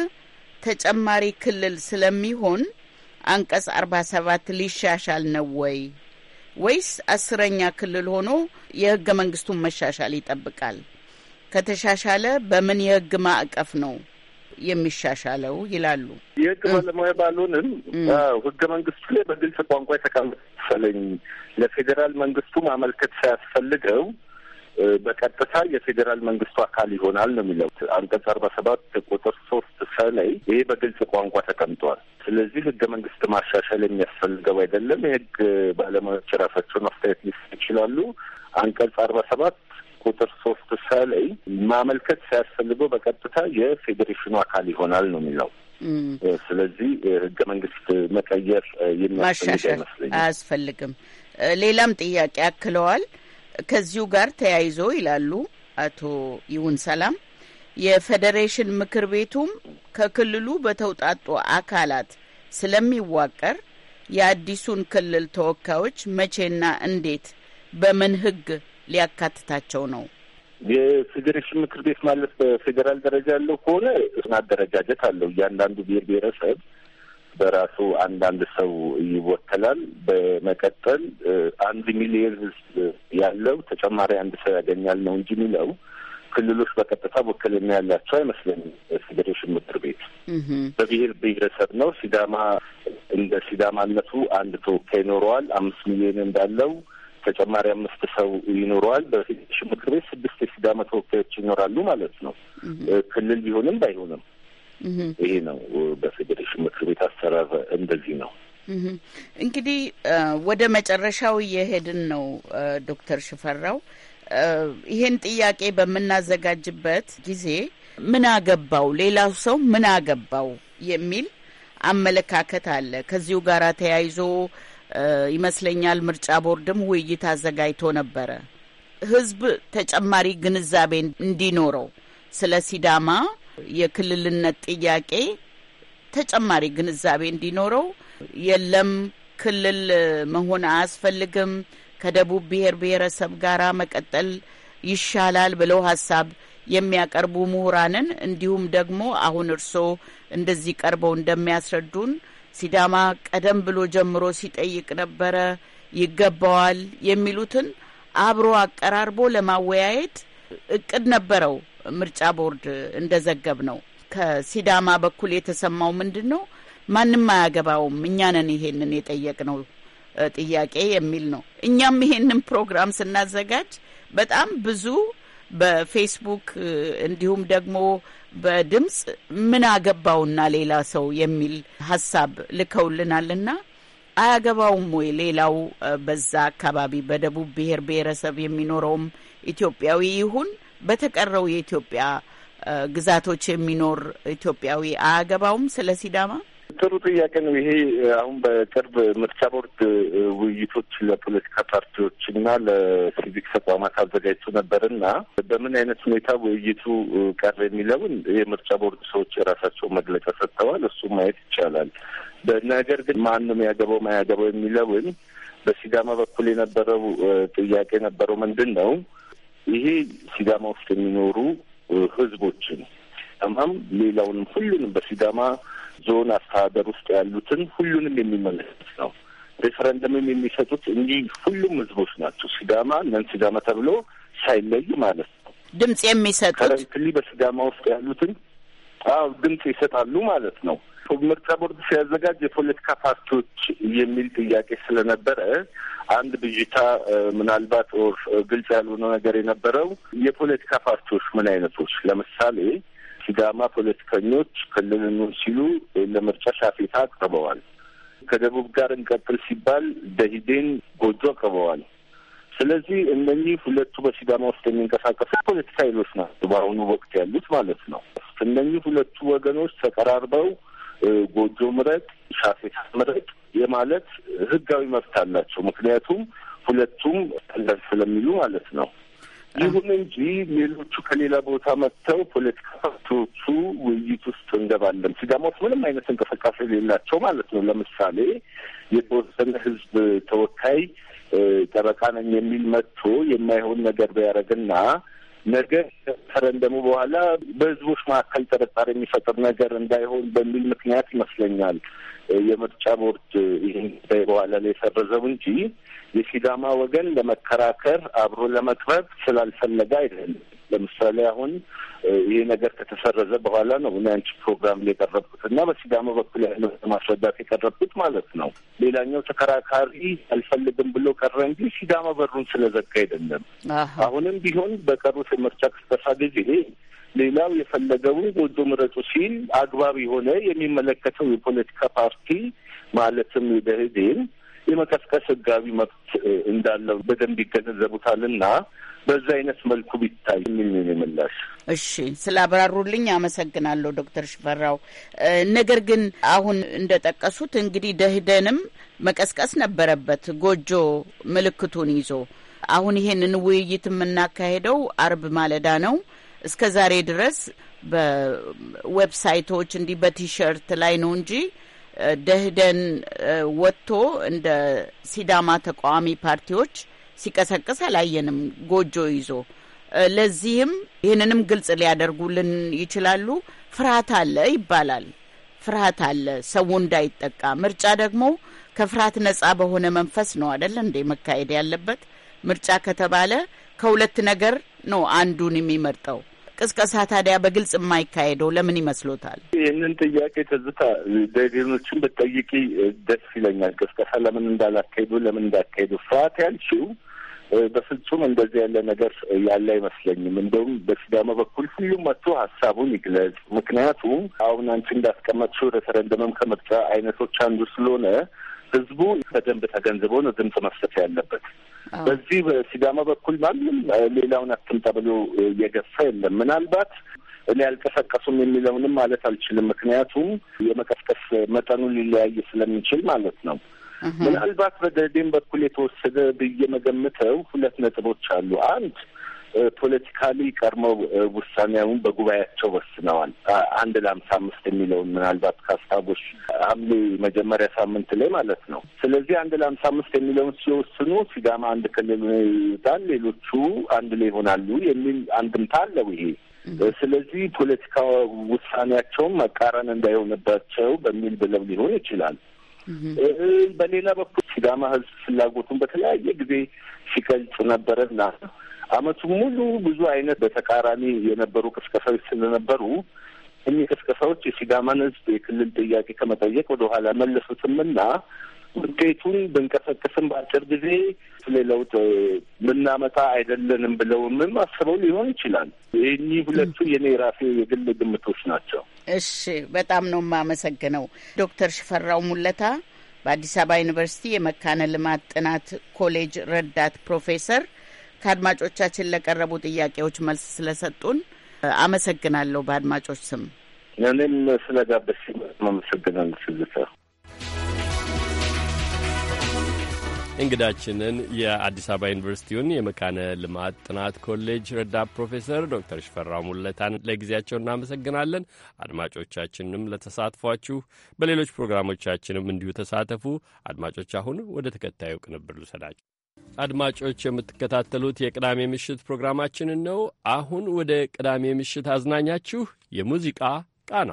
ተጨማሪ ክልል ስለሚሆን አንቀጽ 47 ሊሻሻል ነው ወይ ወይስ አስረኛ ክልል ሆኖ የህገ መንግስቱን መሻሻል ይጠብቃል? ከተሻሻለ በምን የህግ ማዕቀፍ ነው የሚሻሻለው ይላሉ። የህግ ባለሙያ ባልሆንም ህገ መንግስቱ ላይ በግልጽ ቋንቋ የተቀመጠ መሰለኝ ለፌዴራል መንግስቱ ማመልከት ሳያስፈልገው በቀጥታ የፌዴራል መንግስቱ አካል ይሆናል ነው የሚለው አንቀጽ አርባ ሰባት ቁጥር ሶስት ሰ ላይ ይሄ በግልጽ ቋንቋ ተቀምጧል። ስለዚህ ህገ መንግስት ማሻሻል የሚያስፈልገው አይደለም። የህግ ባለሙያዎች የራሳቸውን አስተያየት ሊሰጡ ይችላሉ። አንቀጽ አርባ ሰባት ቁጥር ሶስት ሰ ላይ ማመልከት ሳያስፈልገው በቀጥታ የፌዴሬሽኑ አካል ይሆናል ነው የሚለው። ስለዚህ ህገ መንግስት መቀየር የሚያስፈልግ አይመስለኝም፣ አያስፈልግም። ሌላም ጥያቄ አክለዋል። ከዚሁ ጋር ተያይዞ ይላሉ አቶ ይሁን ሰላም የፌዴሬሽን ምክር ቤቱም ከክልሉ በተውጣጡ አካላት ስለሚዋቀር የአዲሱን ክልል ተወካዮች መቼና እንዴት በምን ህግ ሊያካትታቸው ነው? የፌዴሬሽን ምክር ቤት ማለት በፌዴራል ደረጃ ያለው ከሆነ ጽናት አደረጃጀት አለው። እያንዳንዱ ብሔር ብሔረሰብ በራሱ አንዳንድ ሰው ይወከላል። በመቀጠል አንድ ሚሊየን ህዝብ ያለው ተጨማሪ አንድ ሰው ያገኛል ነው እንጂ የሚለው ክልሎች በቀጥታ ውክልና ያላቸው አይመስለኝም። ፌዴሬሽን ምክር ቤት በብሔር ብሔረሰብ ነው። ሲዳማ እንደ ሲዳማነቱ አንድ ተወካይ ይኖረዋል። አምስት ሚሊዮን እንዳለው ተጨማሪ አምስት ሰው ይኖረዋል። በፌዴሬሽን ምክር ቤት ስድስት የሲዳማ ተወካዮች ይኖራሉ ማለት ነው። ክልል ቢሆንም ባይሆንም ይሄ ነው። በፌዴሬሽን ምክር ቤት አሰራር እንደዚህ ነው። እንግዲህ ወደ መጨረሻው እየሄድን ነው ዶክተር ሽፈራው። ይሄን ጥያቄ በምናዘጋጅበት ጊዜ ምን አገባው ሌላው ሰው ምን አገባው የሚል አመለካከት አለ። ከዚሁ ጋር ተያይዞ ይመስለኛል ምርጫ ቦርድም ውይይት አዘጋጅቶ ነበረ። ህዝብ ተጨማሪ ግንዛቤ እንዲኖረው ስለ ሲዳማ የክልልነት ጥያቄ ተጨማሪ ግንዛቤ እንዲኖረው የለም ክልል መሆን አያስፈልግም፣ ከደቡብ ብሔር ብሔረሰብ ጋራ መቀጠል ይሻላል ብለው ሀሳብ የሚያቀርቡ ምሁራንን እንዲሁም ደግሞ አሁን እርስዎ እንደዚህ ቀርበው እንደሚያስረዱን ሲዳማ ቀደም ብሎ ጀምሮ ሲጠይቅ ነበረ ይገባዋል የሚሉትን አብሮ አቀራርቦ ለማወያየት እቅድ ነበረው። ምርጫ ቦርድ እንደዘገብ ነው ከሲዳማ በኩል የተሰማው ምንድን ነው? ማንም አያገባውም፣ እኛንን ይሄንን የጠየቅነው ጥያቄ የሚል ነው። እኛም ይሄንን ፕሮግራም ስናዘጋጅ በጣም ብዙ በፌስቡክ እንዲሁም ደግሞ በድምፅ ምን አገባውና ሌላ ሰው የሚል ሀሳብ ልከውልናልና አያገባውም ወይ ሌላው በዛ አካባቢ በደቡብ ብሔር ብሔረሰብ የሚኖረውም ኢትዮጵያዊ ይሁን በተቀረው የኢትዮጵያ ግዛቶች የሚኖር ኢትዮጵያዊ አያገባውም ስለ ሲዳማ ጥሩ ጥያቄ ነው ይሄ። አሁን በቅርብ ምርጫ ቦርድ ውይይቶች ለፖለቲካ ፓርቲዎችና ለሲቪክ ተቋማት አዘጋጅቶ እና በምን አይነት ሁኔታ ውይይቱ ቀር የሚለውን የምርጫ ቦርድ ሰዎች የራሳቸው መግለጫ ሰጥተዋል። እሱ ማየት ይቻላል። ነገር ግን ማንም ያገባው ማያገባው የሚለውን በሲዳማ በኩል የነበረው ጥያቄ የነበረው ምንድን ነው ይሄ ሲዳማ ውስጥ የሚኖሩ ህዝቦችን ሲዳማም ሌላውንም ሁሉንም በሲዳማ ዞን አስተዳደር ውስጥ ያሉትን ሁሉንም የሚመለከት ነው። ሬፈረንደምም የሚሰጡት እንዲህ ሁሉም ህዝቦች ናቸው። ሲዳማ ነን ሲዳማ ተብሎ ሳይለይ ማለት ነው። ድምጽ የሚሰጡት ከረንትሊ በሲዳማ ውስጥ ያሉትን አዎ ድምጽ ይሰጣሉ ማለት ነው። ምርጫ ቦርድ ሲያዘጋጅ የፖለቲካ ፓርቲዎች የሚል ጥያቄ ስለነበረ አንድ ብዥታ ምናልባት ኦር ግልጽ ያልሆነ ነገር የነበረው የፖለቲካ ፓርቲዎች ምን አይነቶች ለምሳሌ ሲዳማ ፖለቲከኞች ክልልን ሲሉ ለምርጫ ሻፌታ አቅርበዋል። ከደቡብ ጋር እንቀጥል ሲባል ደሂዴን ጎጆ አቅርበዋል። ስለዚህ እነኚህ ሁለቱ በሲዳማ ውስጥ የሚንቀሳቀሱ ፖለቲካ ኃይሎች ናቸው በአሁኑ ወቅት ያሉት ማለት ነው። እነኚህ ሁለቱ ወገኖች ተቀራርበው ጎጆ ምረጥ፣ ሻፌታ ምረጥ የማለት ህጋዊ መብት አላቸው። ምክንያቱም ሁለቱም ስለሚሉ ማለት ነው። ይሁን እንጂ ሌሎቹ ከሌላ ቦታ መጥተው ፖለቲካ ፓርቲዎቹ ውይይት ውስጥ እንገባለን። ሲዳማዎች ምንም አይነት እንቅስቃሴ ሌላቸው ማለት ነው። ለምሳሌ የተወሰነ ህዝብ ተወካይ ጠበቃ ነኝ የሚል መጥቶ የማይሆን ነገር ቢያደርግና ነገር ከረንደሙ በኋላ በህዝቦች መካከል ጥርጣሬ የሚፈጥር ነገር እንዳይሆን በሚል ምክንያት ይመስለኛል የምርጫ ቦርድ ይህን በኋላ ላይ የሰረዘው እንጂ የሲዳማ ወገን ለመከራከር አብሮ ለመቅረብ ስላልፈለገ አይደለም። ለምሳሌ አሁን ይሄ ነገር ከተሰረዘ በኋላ ነው እኔ አንቺ ፕሮግራም የቀረብኩት እና በሲዳማ በኩል ያለ ለማስረዳት የቀረብኩት ማለት ነው። ሌላኛው ተከራካሪ አልፈልግም ብሎ ቀረ እንጂ ሲዳማ በሩን ስለዘጋ አይደለም። አሁንም ቢሆን በቀሩት የምርጫ ቅስቀሳ ጊዜ ሌላው የፈለገውን ጎጆ ምረጡ ሲል አግባብ የሆነ የሚመለከተው የፖለቲካ ፓርቲ ማለትም ደህዴን የመቀስቀስ ህጋዊ መብት እንዳለው በደንብ ይገነዘቡታልና በዛ አይነት መልኩ ቢታይ የሚል ነው ምላሽ። እሺ ስላብራሩልኝ አመሰግናለሁ ዶክተር ሽፈራው። ነገር ግን አሁን እንደ ጠቀሱት እንግዲህ ደህደንም መቀስቀስ ነበረበት ጎጆ ምልክቱን ይዞ። አሁን ይሄንን ውይይት የምናካሄደው አርብ ማለዳ ነው። እስከ ዛሬ ድረስ በዌብሳይቶች እንዲህ በቲሸርት ላይ ነው እንጂ ደህደን ወጥቶ እንደ ሲዳማ ተቃዋሚ ፓርቲዎች ሲቀሰቅስ አላየንም ጎጆ ይዞ። ለዚህም ይህንንም ግልጽ ሊያደርጉልን ይችላሉ። ፍርሃት አለ ይባላል። ፍርሃት አለ ሰው እንዳይጠቃ። ምርጫ ደግሞ ከፍርሃት ነጻ በሆነ መንፈስ ነው አደለ እንዴ መካሄድ ያለበት። ምርጫ ከተባለ ከሁለት ነገር ነው አንዱን የሚመርጠው። ቅስቀሳ ታዲያ በግልጽ የማይካሄደው ለምን ይመስሎታል? ይህንን ጥያቄ ትዝታ ሌሎችን ብትጠይቂ ደስ ይለኛል። ቅስቀሳ ለምን እንዳላካሄዱ ለምን እንዳካሄዱ ፍርሃት ያልችው በፍጹም እንደዚህ ያለ ነገር ያለ አይመስለኝም። እንደውም በሲዳማ በኩል ሁሉም መጥቶ ሀሳቡን ይግለጽ። ምክንያቱም አሁን አንቺ እንዳስቀመጥሽው ሬፈረንደምም ከምርጫ አይነቶች አንዱ ስለሆነ ህዝቡ በደንብ ተገንዝቦ ነው ድምፅ መስጠት ያለበት። በዚህ በሲዳማ በኩል ማንም ሌላውን አትምጣ ብሎ እየገፋ የለም። ምናልባት እኔ አልቀሰቀሱም የሚለውንም ማለት አልችልም። ምክንያቱም የመቀስቀስ መጠኑ ሊለያይ ስለሚችል ማለት ነው። ምናልባት በደርዴን በኩል የተወሰደ ብዬ መገምተው ሁለት ነጥቦች አሉ። አንድ ፖለቲካሊ ቀድመው ውሳኔውን በጉባኤያቸው ወስነዋል። አንድ ለአምሳ አምስት የሚለውን ምናልባት ከሀሳቦች ሐምሌ መጀመሪያ ሳምንት ላይ ማለት ነው። ስለዚህ አንድ ለአምሳ አምስት የሚለውን ሲወስኑ ሲዳማ አንድ ክልል ይዛል፣ ሌሎቹ አንድ ላይ ይሆናሉ የሚል አንድምታ አለው ይሄ ስለዚህ ፖለቲካ ውሳኔያቸውን መቃረን እንዳይሆንባቸው በሚል ብለው ሊሆን ይችላል። በሌላ በኩል ሲዳማ ህዝብ ፍላጎቱን በተለያየ ጊዜ ሲገልጽ ነበረና አመቱ ሙሉ ብዙ አይነት በተቃራኒ የነበሩ ቅስቀሳዎች ስለነበሩ እኒህ ቅስቀሳዎች የሲዳማን ህዝብ የክልል ጥያቄ ከመጠየቅ ወደኋላ መለሱትምና ውጤቱን ብንቀሰቅስም በአጭር ጊዜ ስለ ለውጥ ምናመጣ አይደለንም ብለውምም አስበው ሊሆን ይችላል። ይህ ሁለቱ የኔ ራሴ የግል ግምቶች ናቸው። እሺ፣ በጣም ነው የማመሰግነው ዶክተር ሽፈራው ሙለታ በአዲስ አበባ ዩኒቨርሲቲ የመካነ ልማት ጥናት ኮሌጅ ረዳት ፕሮፌሰር ከአድማጮቻችን ለቀረቡ ጥያቄዎች መልስ ስለሰጡን አመሰግናለሁ። በአድማጮች ስም እኔም ስለጋበዝሽ አመሰግናለሁ። እንግዳችንን የአዲስ አበባ ዩኒቨርሲቲውን የመካነ ልማት ጥናት ኮሌጅ ረዳት ፕሮፌሰር ዶክተር ሽፈራው ሙለታን ለጊዜያቸው እናመሰግናለን። አድማጮቻችንም ለተሳትፏችሁ፣ በሌሎች ፕሮግራሞቻችንም እንዲሁ ተሳተፉ። አድማጮች አሁን ወደ ተከታዩ ቅንብር ልውሰዳችሁ። አድማጮች የምትከታተሉት የቅዳሜ ምሽት ፕሮግራማችንን ነው። አሁን ወደ ቅዳሜ ምሽት አዝናኛችሁ የሙዚቃ ቃና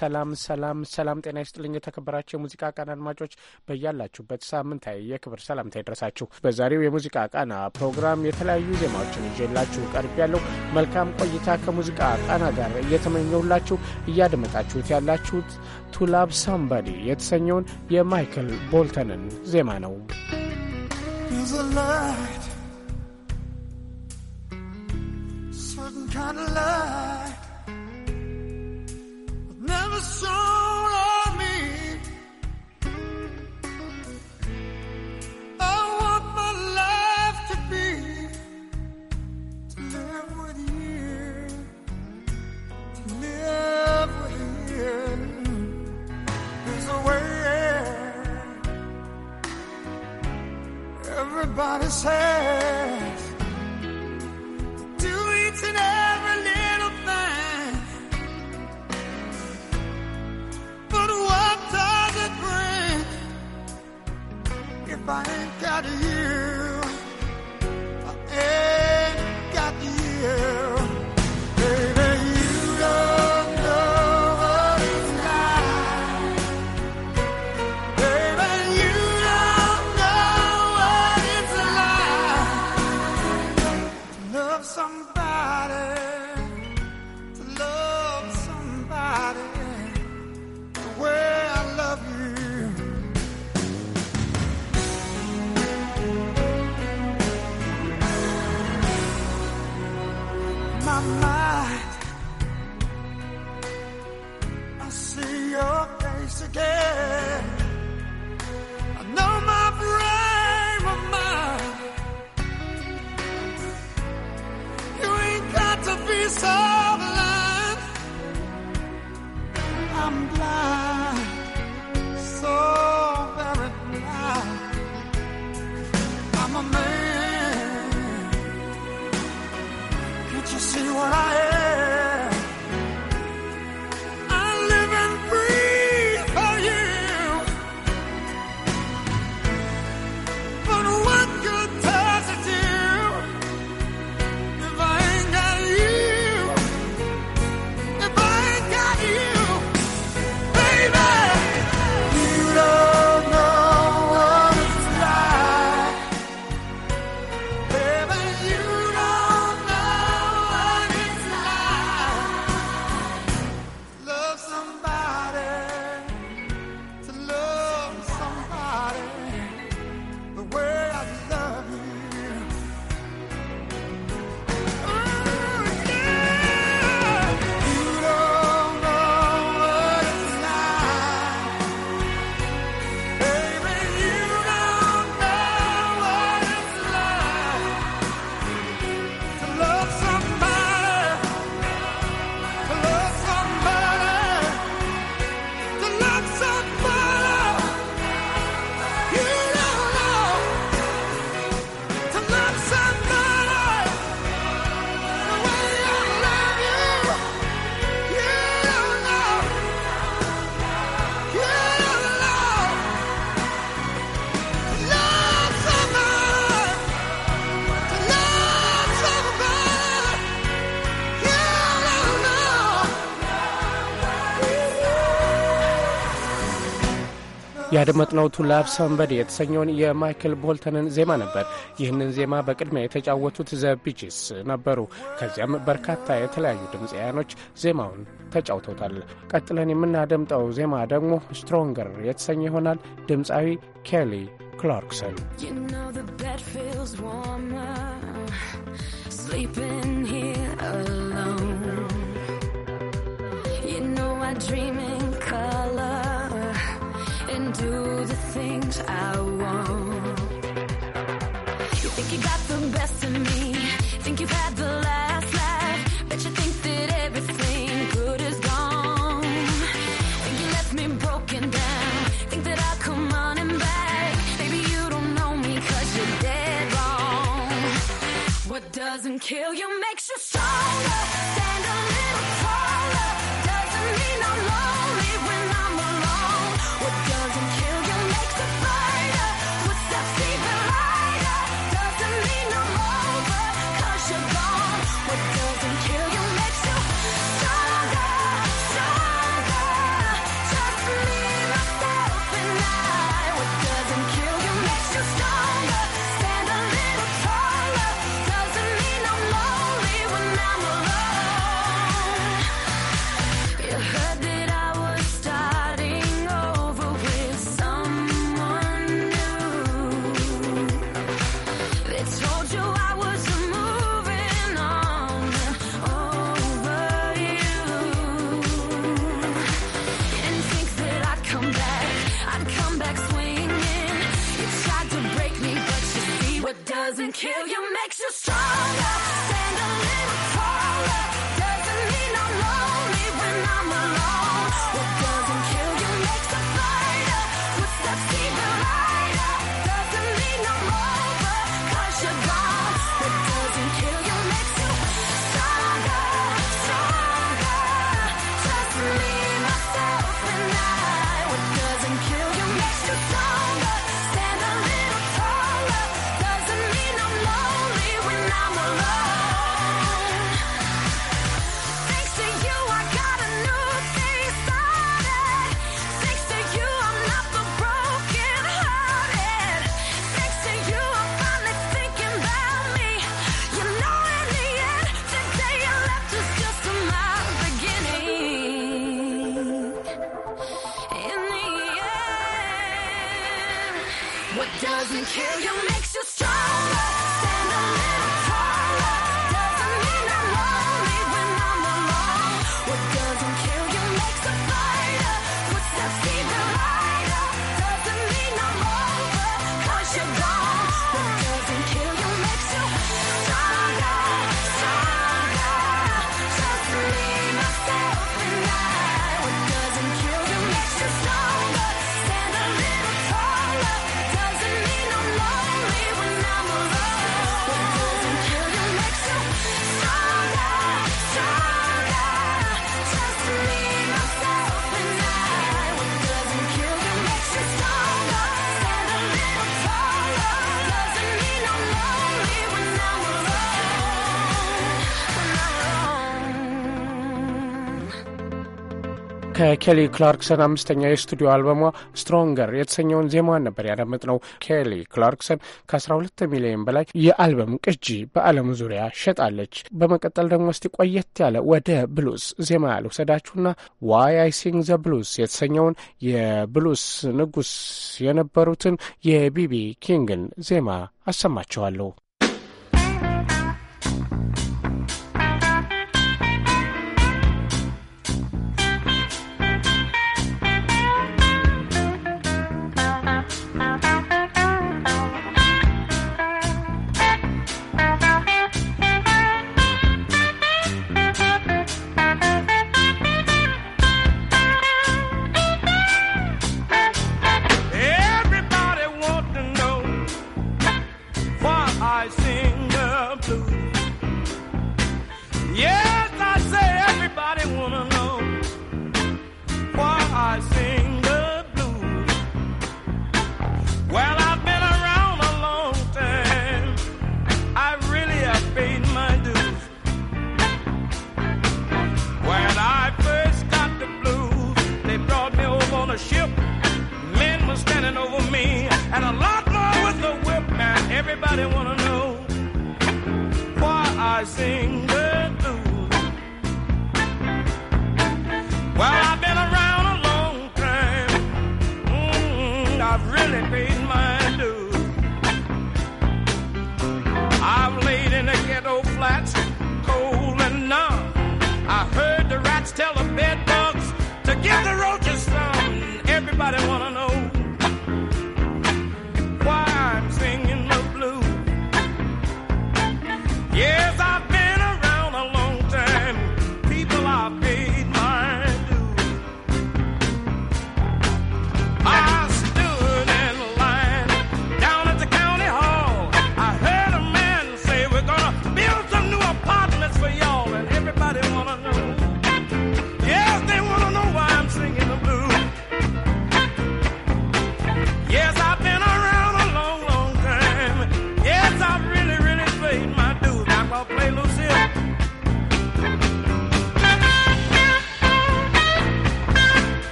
ሰላም ሰላም ሰላም። ጤና ይስጥልኝ የተከበራቸው የሙዚቃ ቃና አድማጮች በያላችሁበት ሳምንታዊ የክብር ሰላምታ ይድረሳችሁ። በዛሬው የሙዚቃ ቃና ፕሮግራም የተለያዩ ዜማዎችን ይዤላችሁ ቀርብ ያለው መልካም ቆይታ ከሙዚቃ ቃና ጋር እየተመኘሁላችሁ እያደመጣችሁት ያላችሁት ቱ ላቭ ሳምባዲ የተሰኘውን የማይክል ቦልተንን ዜማ ነው። certain kind of love the soul of me. I want my life to be to live with you, to live with you. There's a way everybody's here. I ain't got you. ያደመጥነው ቱ ላቭ ሰምበዲ የተሰኘውን የማይክል ቦልተንን ዜማ ነበር። ይህንን ዜማ በቅድሚያ የተጫወቱት ዘ ቢጂስ ነበሩ። ከዚያም በርካታ የተለያዩ ድምፃውያኖች ዜማውን ተጫውተውታል። ቀጥለን የምናደምጠው ዜማ ደግሞ ስትሮንገር የተሰኘ ይሆናል። ድምፃዊ ኬሊ ክላርክሰን dreaming color do the things I want. You think you got the best of me, think you've had the last laugh, bet you think that everything good is gone. Think you left me broken down, think that I'll come running back. Maybe you don't know me cause you're dead wrong. What doesn't kill you makes you stronger. doesn't kill you. ከኬሊ ክላርክሰን አምስተኛ የስቱዲዮ አልበሟ ስትሮንገር የተሰኘውን ዜማዋን ነበር ያዳመጥነው። ኬሊ ክላርክሰን ከ12 ሚሊዮን በላይ የአልበም ቅጂ በዓለም ዙሪያ ሸጣለች። በመቀጠል ደግሞ እስቲ ቆየት ያለ ወደ ብሉስ ዜማ ያልወሰዳችሁና ዋይ አይ ሲንግ ዘ ብሉስ የተሰኘውን የብሉስ ንጉስ የነበሩትን የቢቢ ኪንግን ዜማ አሰማችኋለሁ። Everybody wanna know why I sing the blues. Well, I've been around a long time. Mm, I've really paid my dues. I've laid in the ghetto flats, cold and numb. I heard the rats tell the bedbugs to give the roaches some. Everybody wanna know.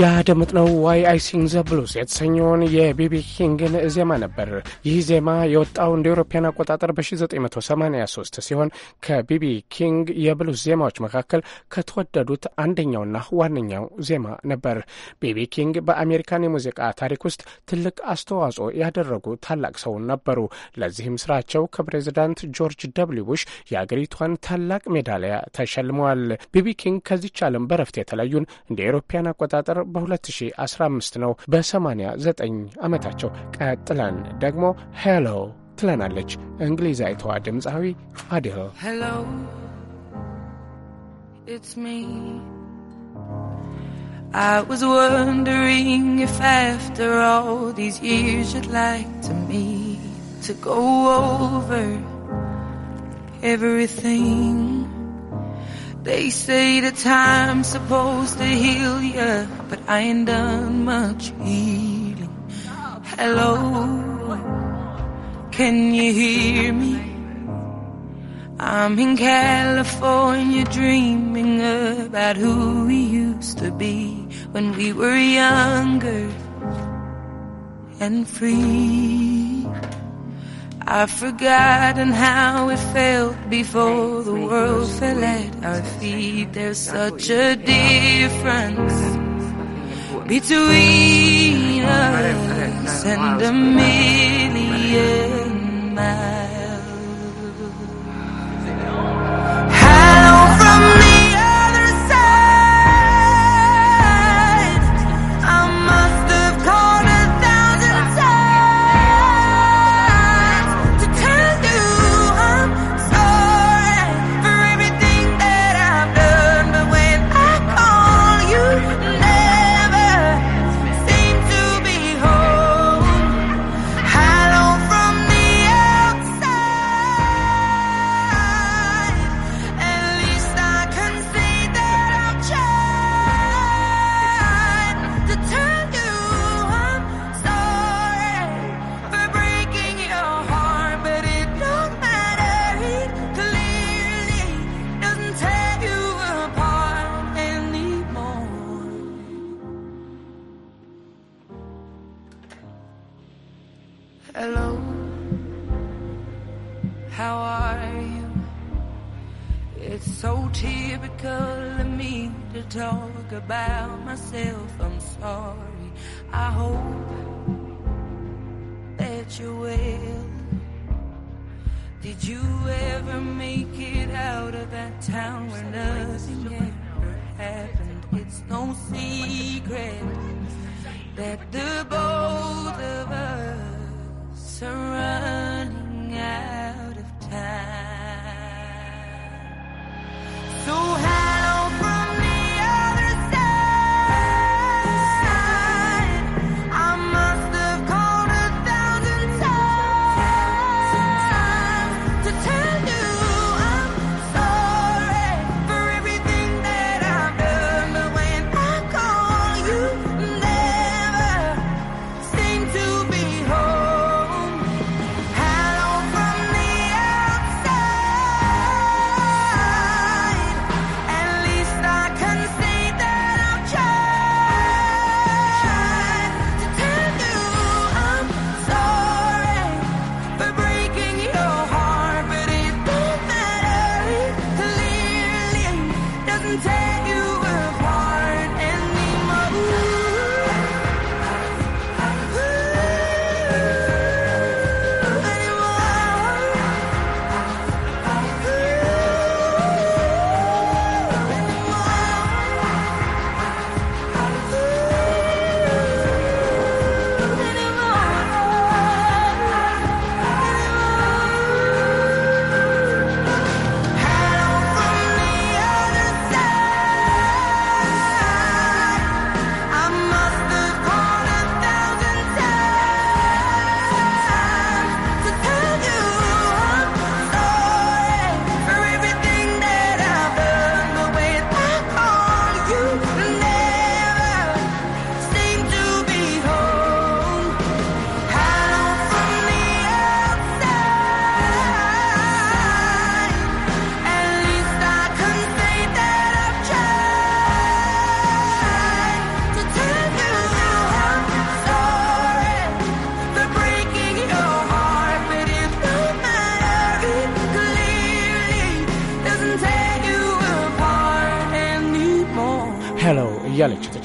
ያደመጥነው ዋይ አይ ሲንግ ዘ ብሉስ የተሰኘውን የቢቢ ኪንግን ዜማ ነበር። ይህ ዜማ የወጣው እንደ ኤሮፓያን አቆጣጠር በ1983 ሲሆን ከቢቢ ኪንግ የብሉዝ ዜማዎች መካከል ከተወደዱት አንደኛውና ዋነኛው ዜማ ነበር። ቢቢ ኪንግ በአሜሪካን የሙዚቃ ታሪክ ውስጥ ትልቅ አስተዋጽኦ ያደረጉ ታላቅ ሰውን ነበሩ። ለዚህም ስራቸው ከፕሬዚዳንት ጆርጅ ደብሊው ቡሽ የአገሪቷን ታላቅ ሜዳሊያ ተሸልመዋል። ቢቢ ኪንግ ከዚች ዓለም በረፍት የተለዩን እንደ ኤሮፓያን አቆጣጠር በ2015 ነው በ89 ዓመታቸው። ቀጥለን ደግሞ ሄሎ ትለናለች እንግሊዛዊቷ ድምፃዊ አድል። It's me. I was wondering if after all these years you'd like to me to go over everything. They say the time's supposed to heal you, but I ain't done much healing. Hello. Can you hear me? I'm in California dreaming about who we used to be when we were younger and free. I've forgotten how it felt before the world fell at our feet. There's such a difference between us and a million man. typical of me to talk about myself. I'm sorry. I hope that you will. Did you ever make it out of that town where nothing ever happened? It's no secret that the both of us are running out of time you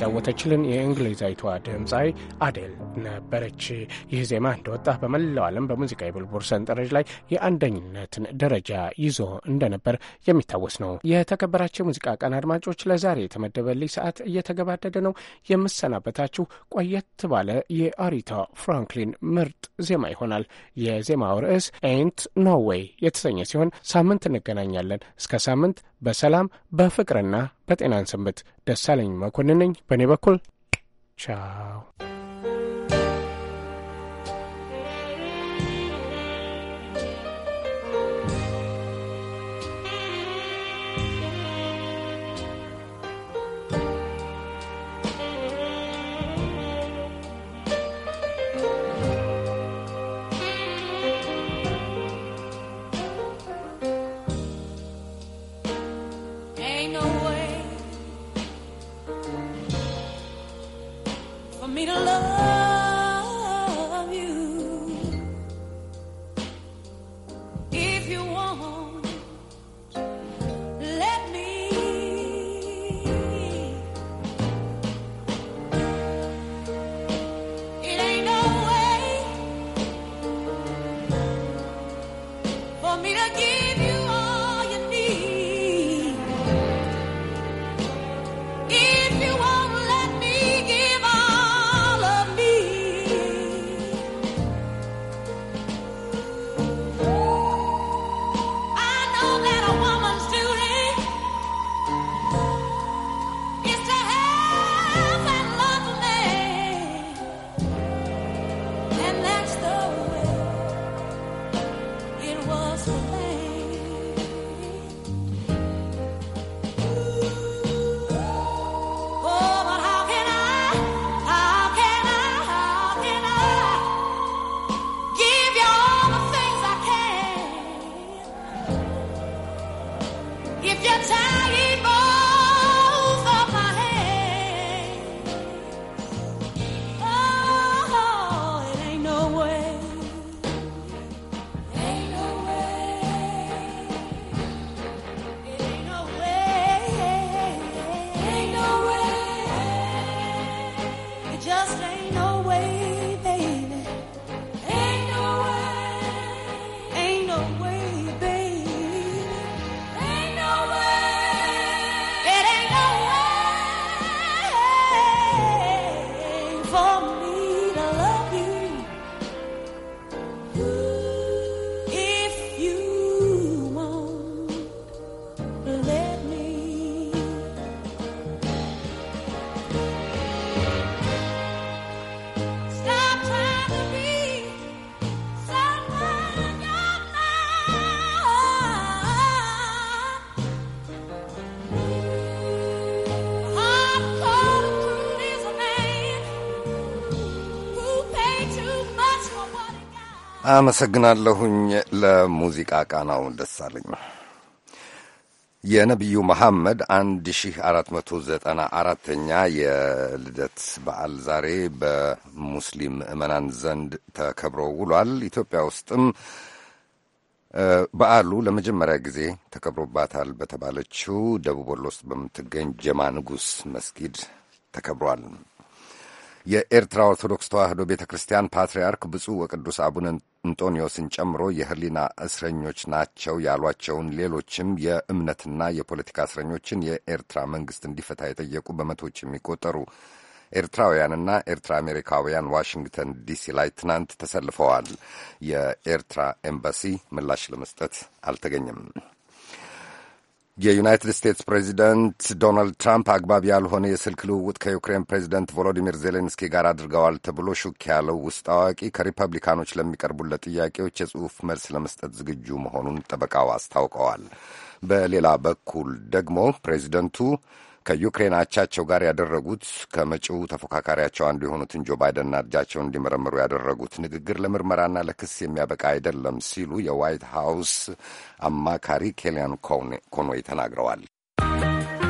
ያጫወተችልን የእንግሊዛዊቷ ድምፃዊ አዴል ነበረች። ይህ ዜማ እንደወጣ በመላው ዓለም በሙዚቃ የቢልቦርድ ሰንጠረዥ ላይ የአንደኝነትን ደረጃ ይዞ እንደነበር የሚታወስ ነው። የተከበራቸው የሙዚቃ ቀን አድማጮች፣ ለዛሬ የተመደበልኝ ሰዓት እየተገባደደ ነው። የምሰናበታችሁ ቆየት ባለ የአሪታ ፍራንክሊን ምርጥ ዜማ ይሆናል። የዜማው ርዕስ ኤንት ዌይ የተሰኘ ሲሆን ሳምንት እንገናኛለን። እስከ ሳምንት በሰላም በፍቅርና በጤናን ስንብት። ደሳለኝ መኮንን ነኝ በእኔ በኩል ቻው። me to love. አመሰግናለሁኝ። ለሙዚቃ ቃናው ደሳለኝ የነቢዩ መሐመድ 1494ኛ የልደት በዓል ዛሬ በሙስሊም ምዕመናን ዘንድ ተከብሮ ውሏል። ኢትዮጵያ ውስጥም በዓሉ ለመጀመሪያ ጊዜ ተከብሮባታል በተባለችው ደቡብ ወሎ ውስጥ በምትገኝ ጀማ ንጉሥ መስጊድ ተከብሯል። የኤርትራ ኦርቶዶክስ ተዋሕዶ ቤተ ክርስቲያን ፓትርያርክ ብፁዕ ወቅዱስ አቡነ አንጦኒዮስን ጨምሮ የህሊና እስረኞች ናቸው ያሏቸውን ሌሎችም የእምነትና የፖለቲካ እስረኞችን የኤርትራ መንግስት እንዲፈታ የጠየቁ በመቶዎች የሚቆጠሩ ኤርትራውያንና ኤርትራ አሜሪካውያን ዋሽንግተን ዲሲ ላይ ትናንት ተሰልፈዋል። የኤርትራ ኤምባሲ ምላሽ ለመስጠት አልተገኘም። የዩናይትድ ስቴትስ ፕሬዚደንት ዶናልድ ትራምፕ አግባብ ያልሆነ የስልክ ልውውጥ ከዩክሬን ፕሬዚደንት ቮሎዲሚር ዜሌንስኪ ጋር አድርገዋል ተብሎ ሹክ ያለው ውስጥ አዋቂ ከሪፐብሊካኖች ለሚቀርቡለት ጥያቄዎች የጽሑፍ መልስ ለመስጠት ዝግጁ መሆኑን ጠበቃው አስታውቀዋል። በሌላ በኩል ደግሞ ፕሬዚደንቱ ከዩክሬን አቻቸው ጋር ያደረጉት ከመጪው ተፎካካሪያቸው አንዱ የሆኑትን ጆ ባይደንና እጃቸውን እንዲመረምሩ ያደረጉት ንግግር ለምርመራና ለክስ የሚያበቃ አይደለም ሲሉ የዋይት ሃውስ አማካሪ ኬሊያን ኮንዌይ ተናግረዋል።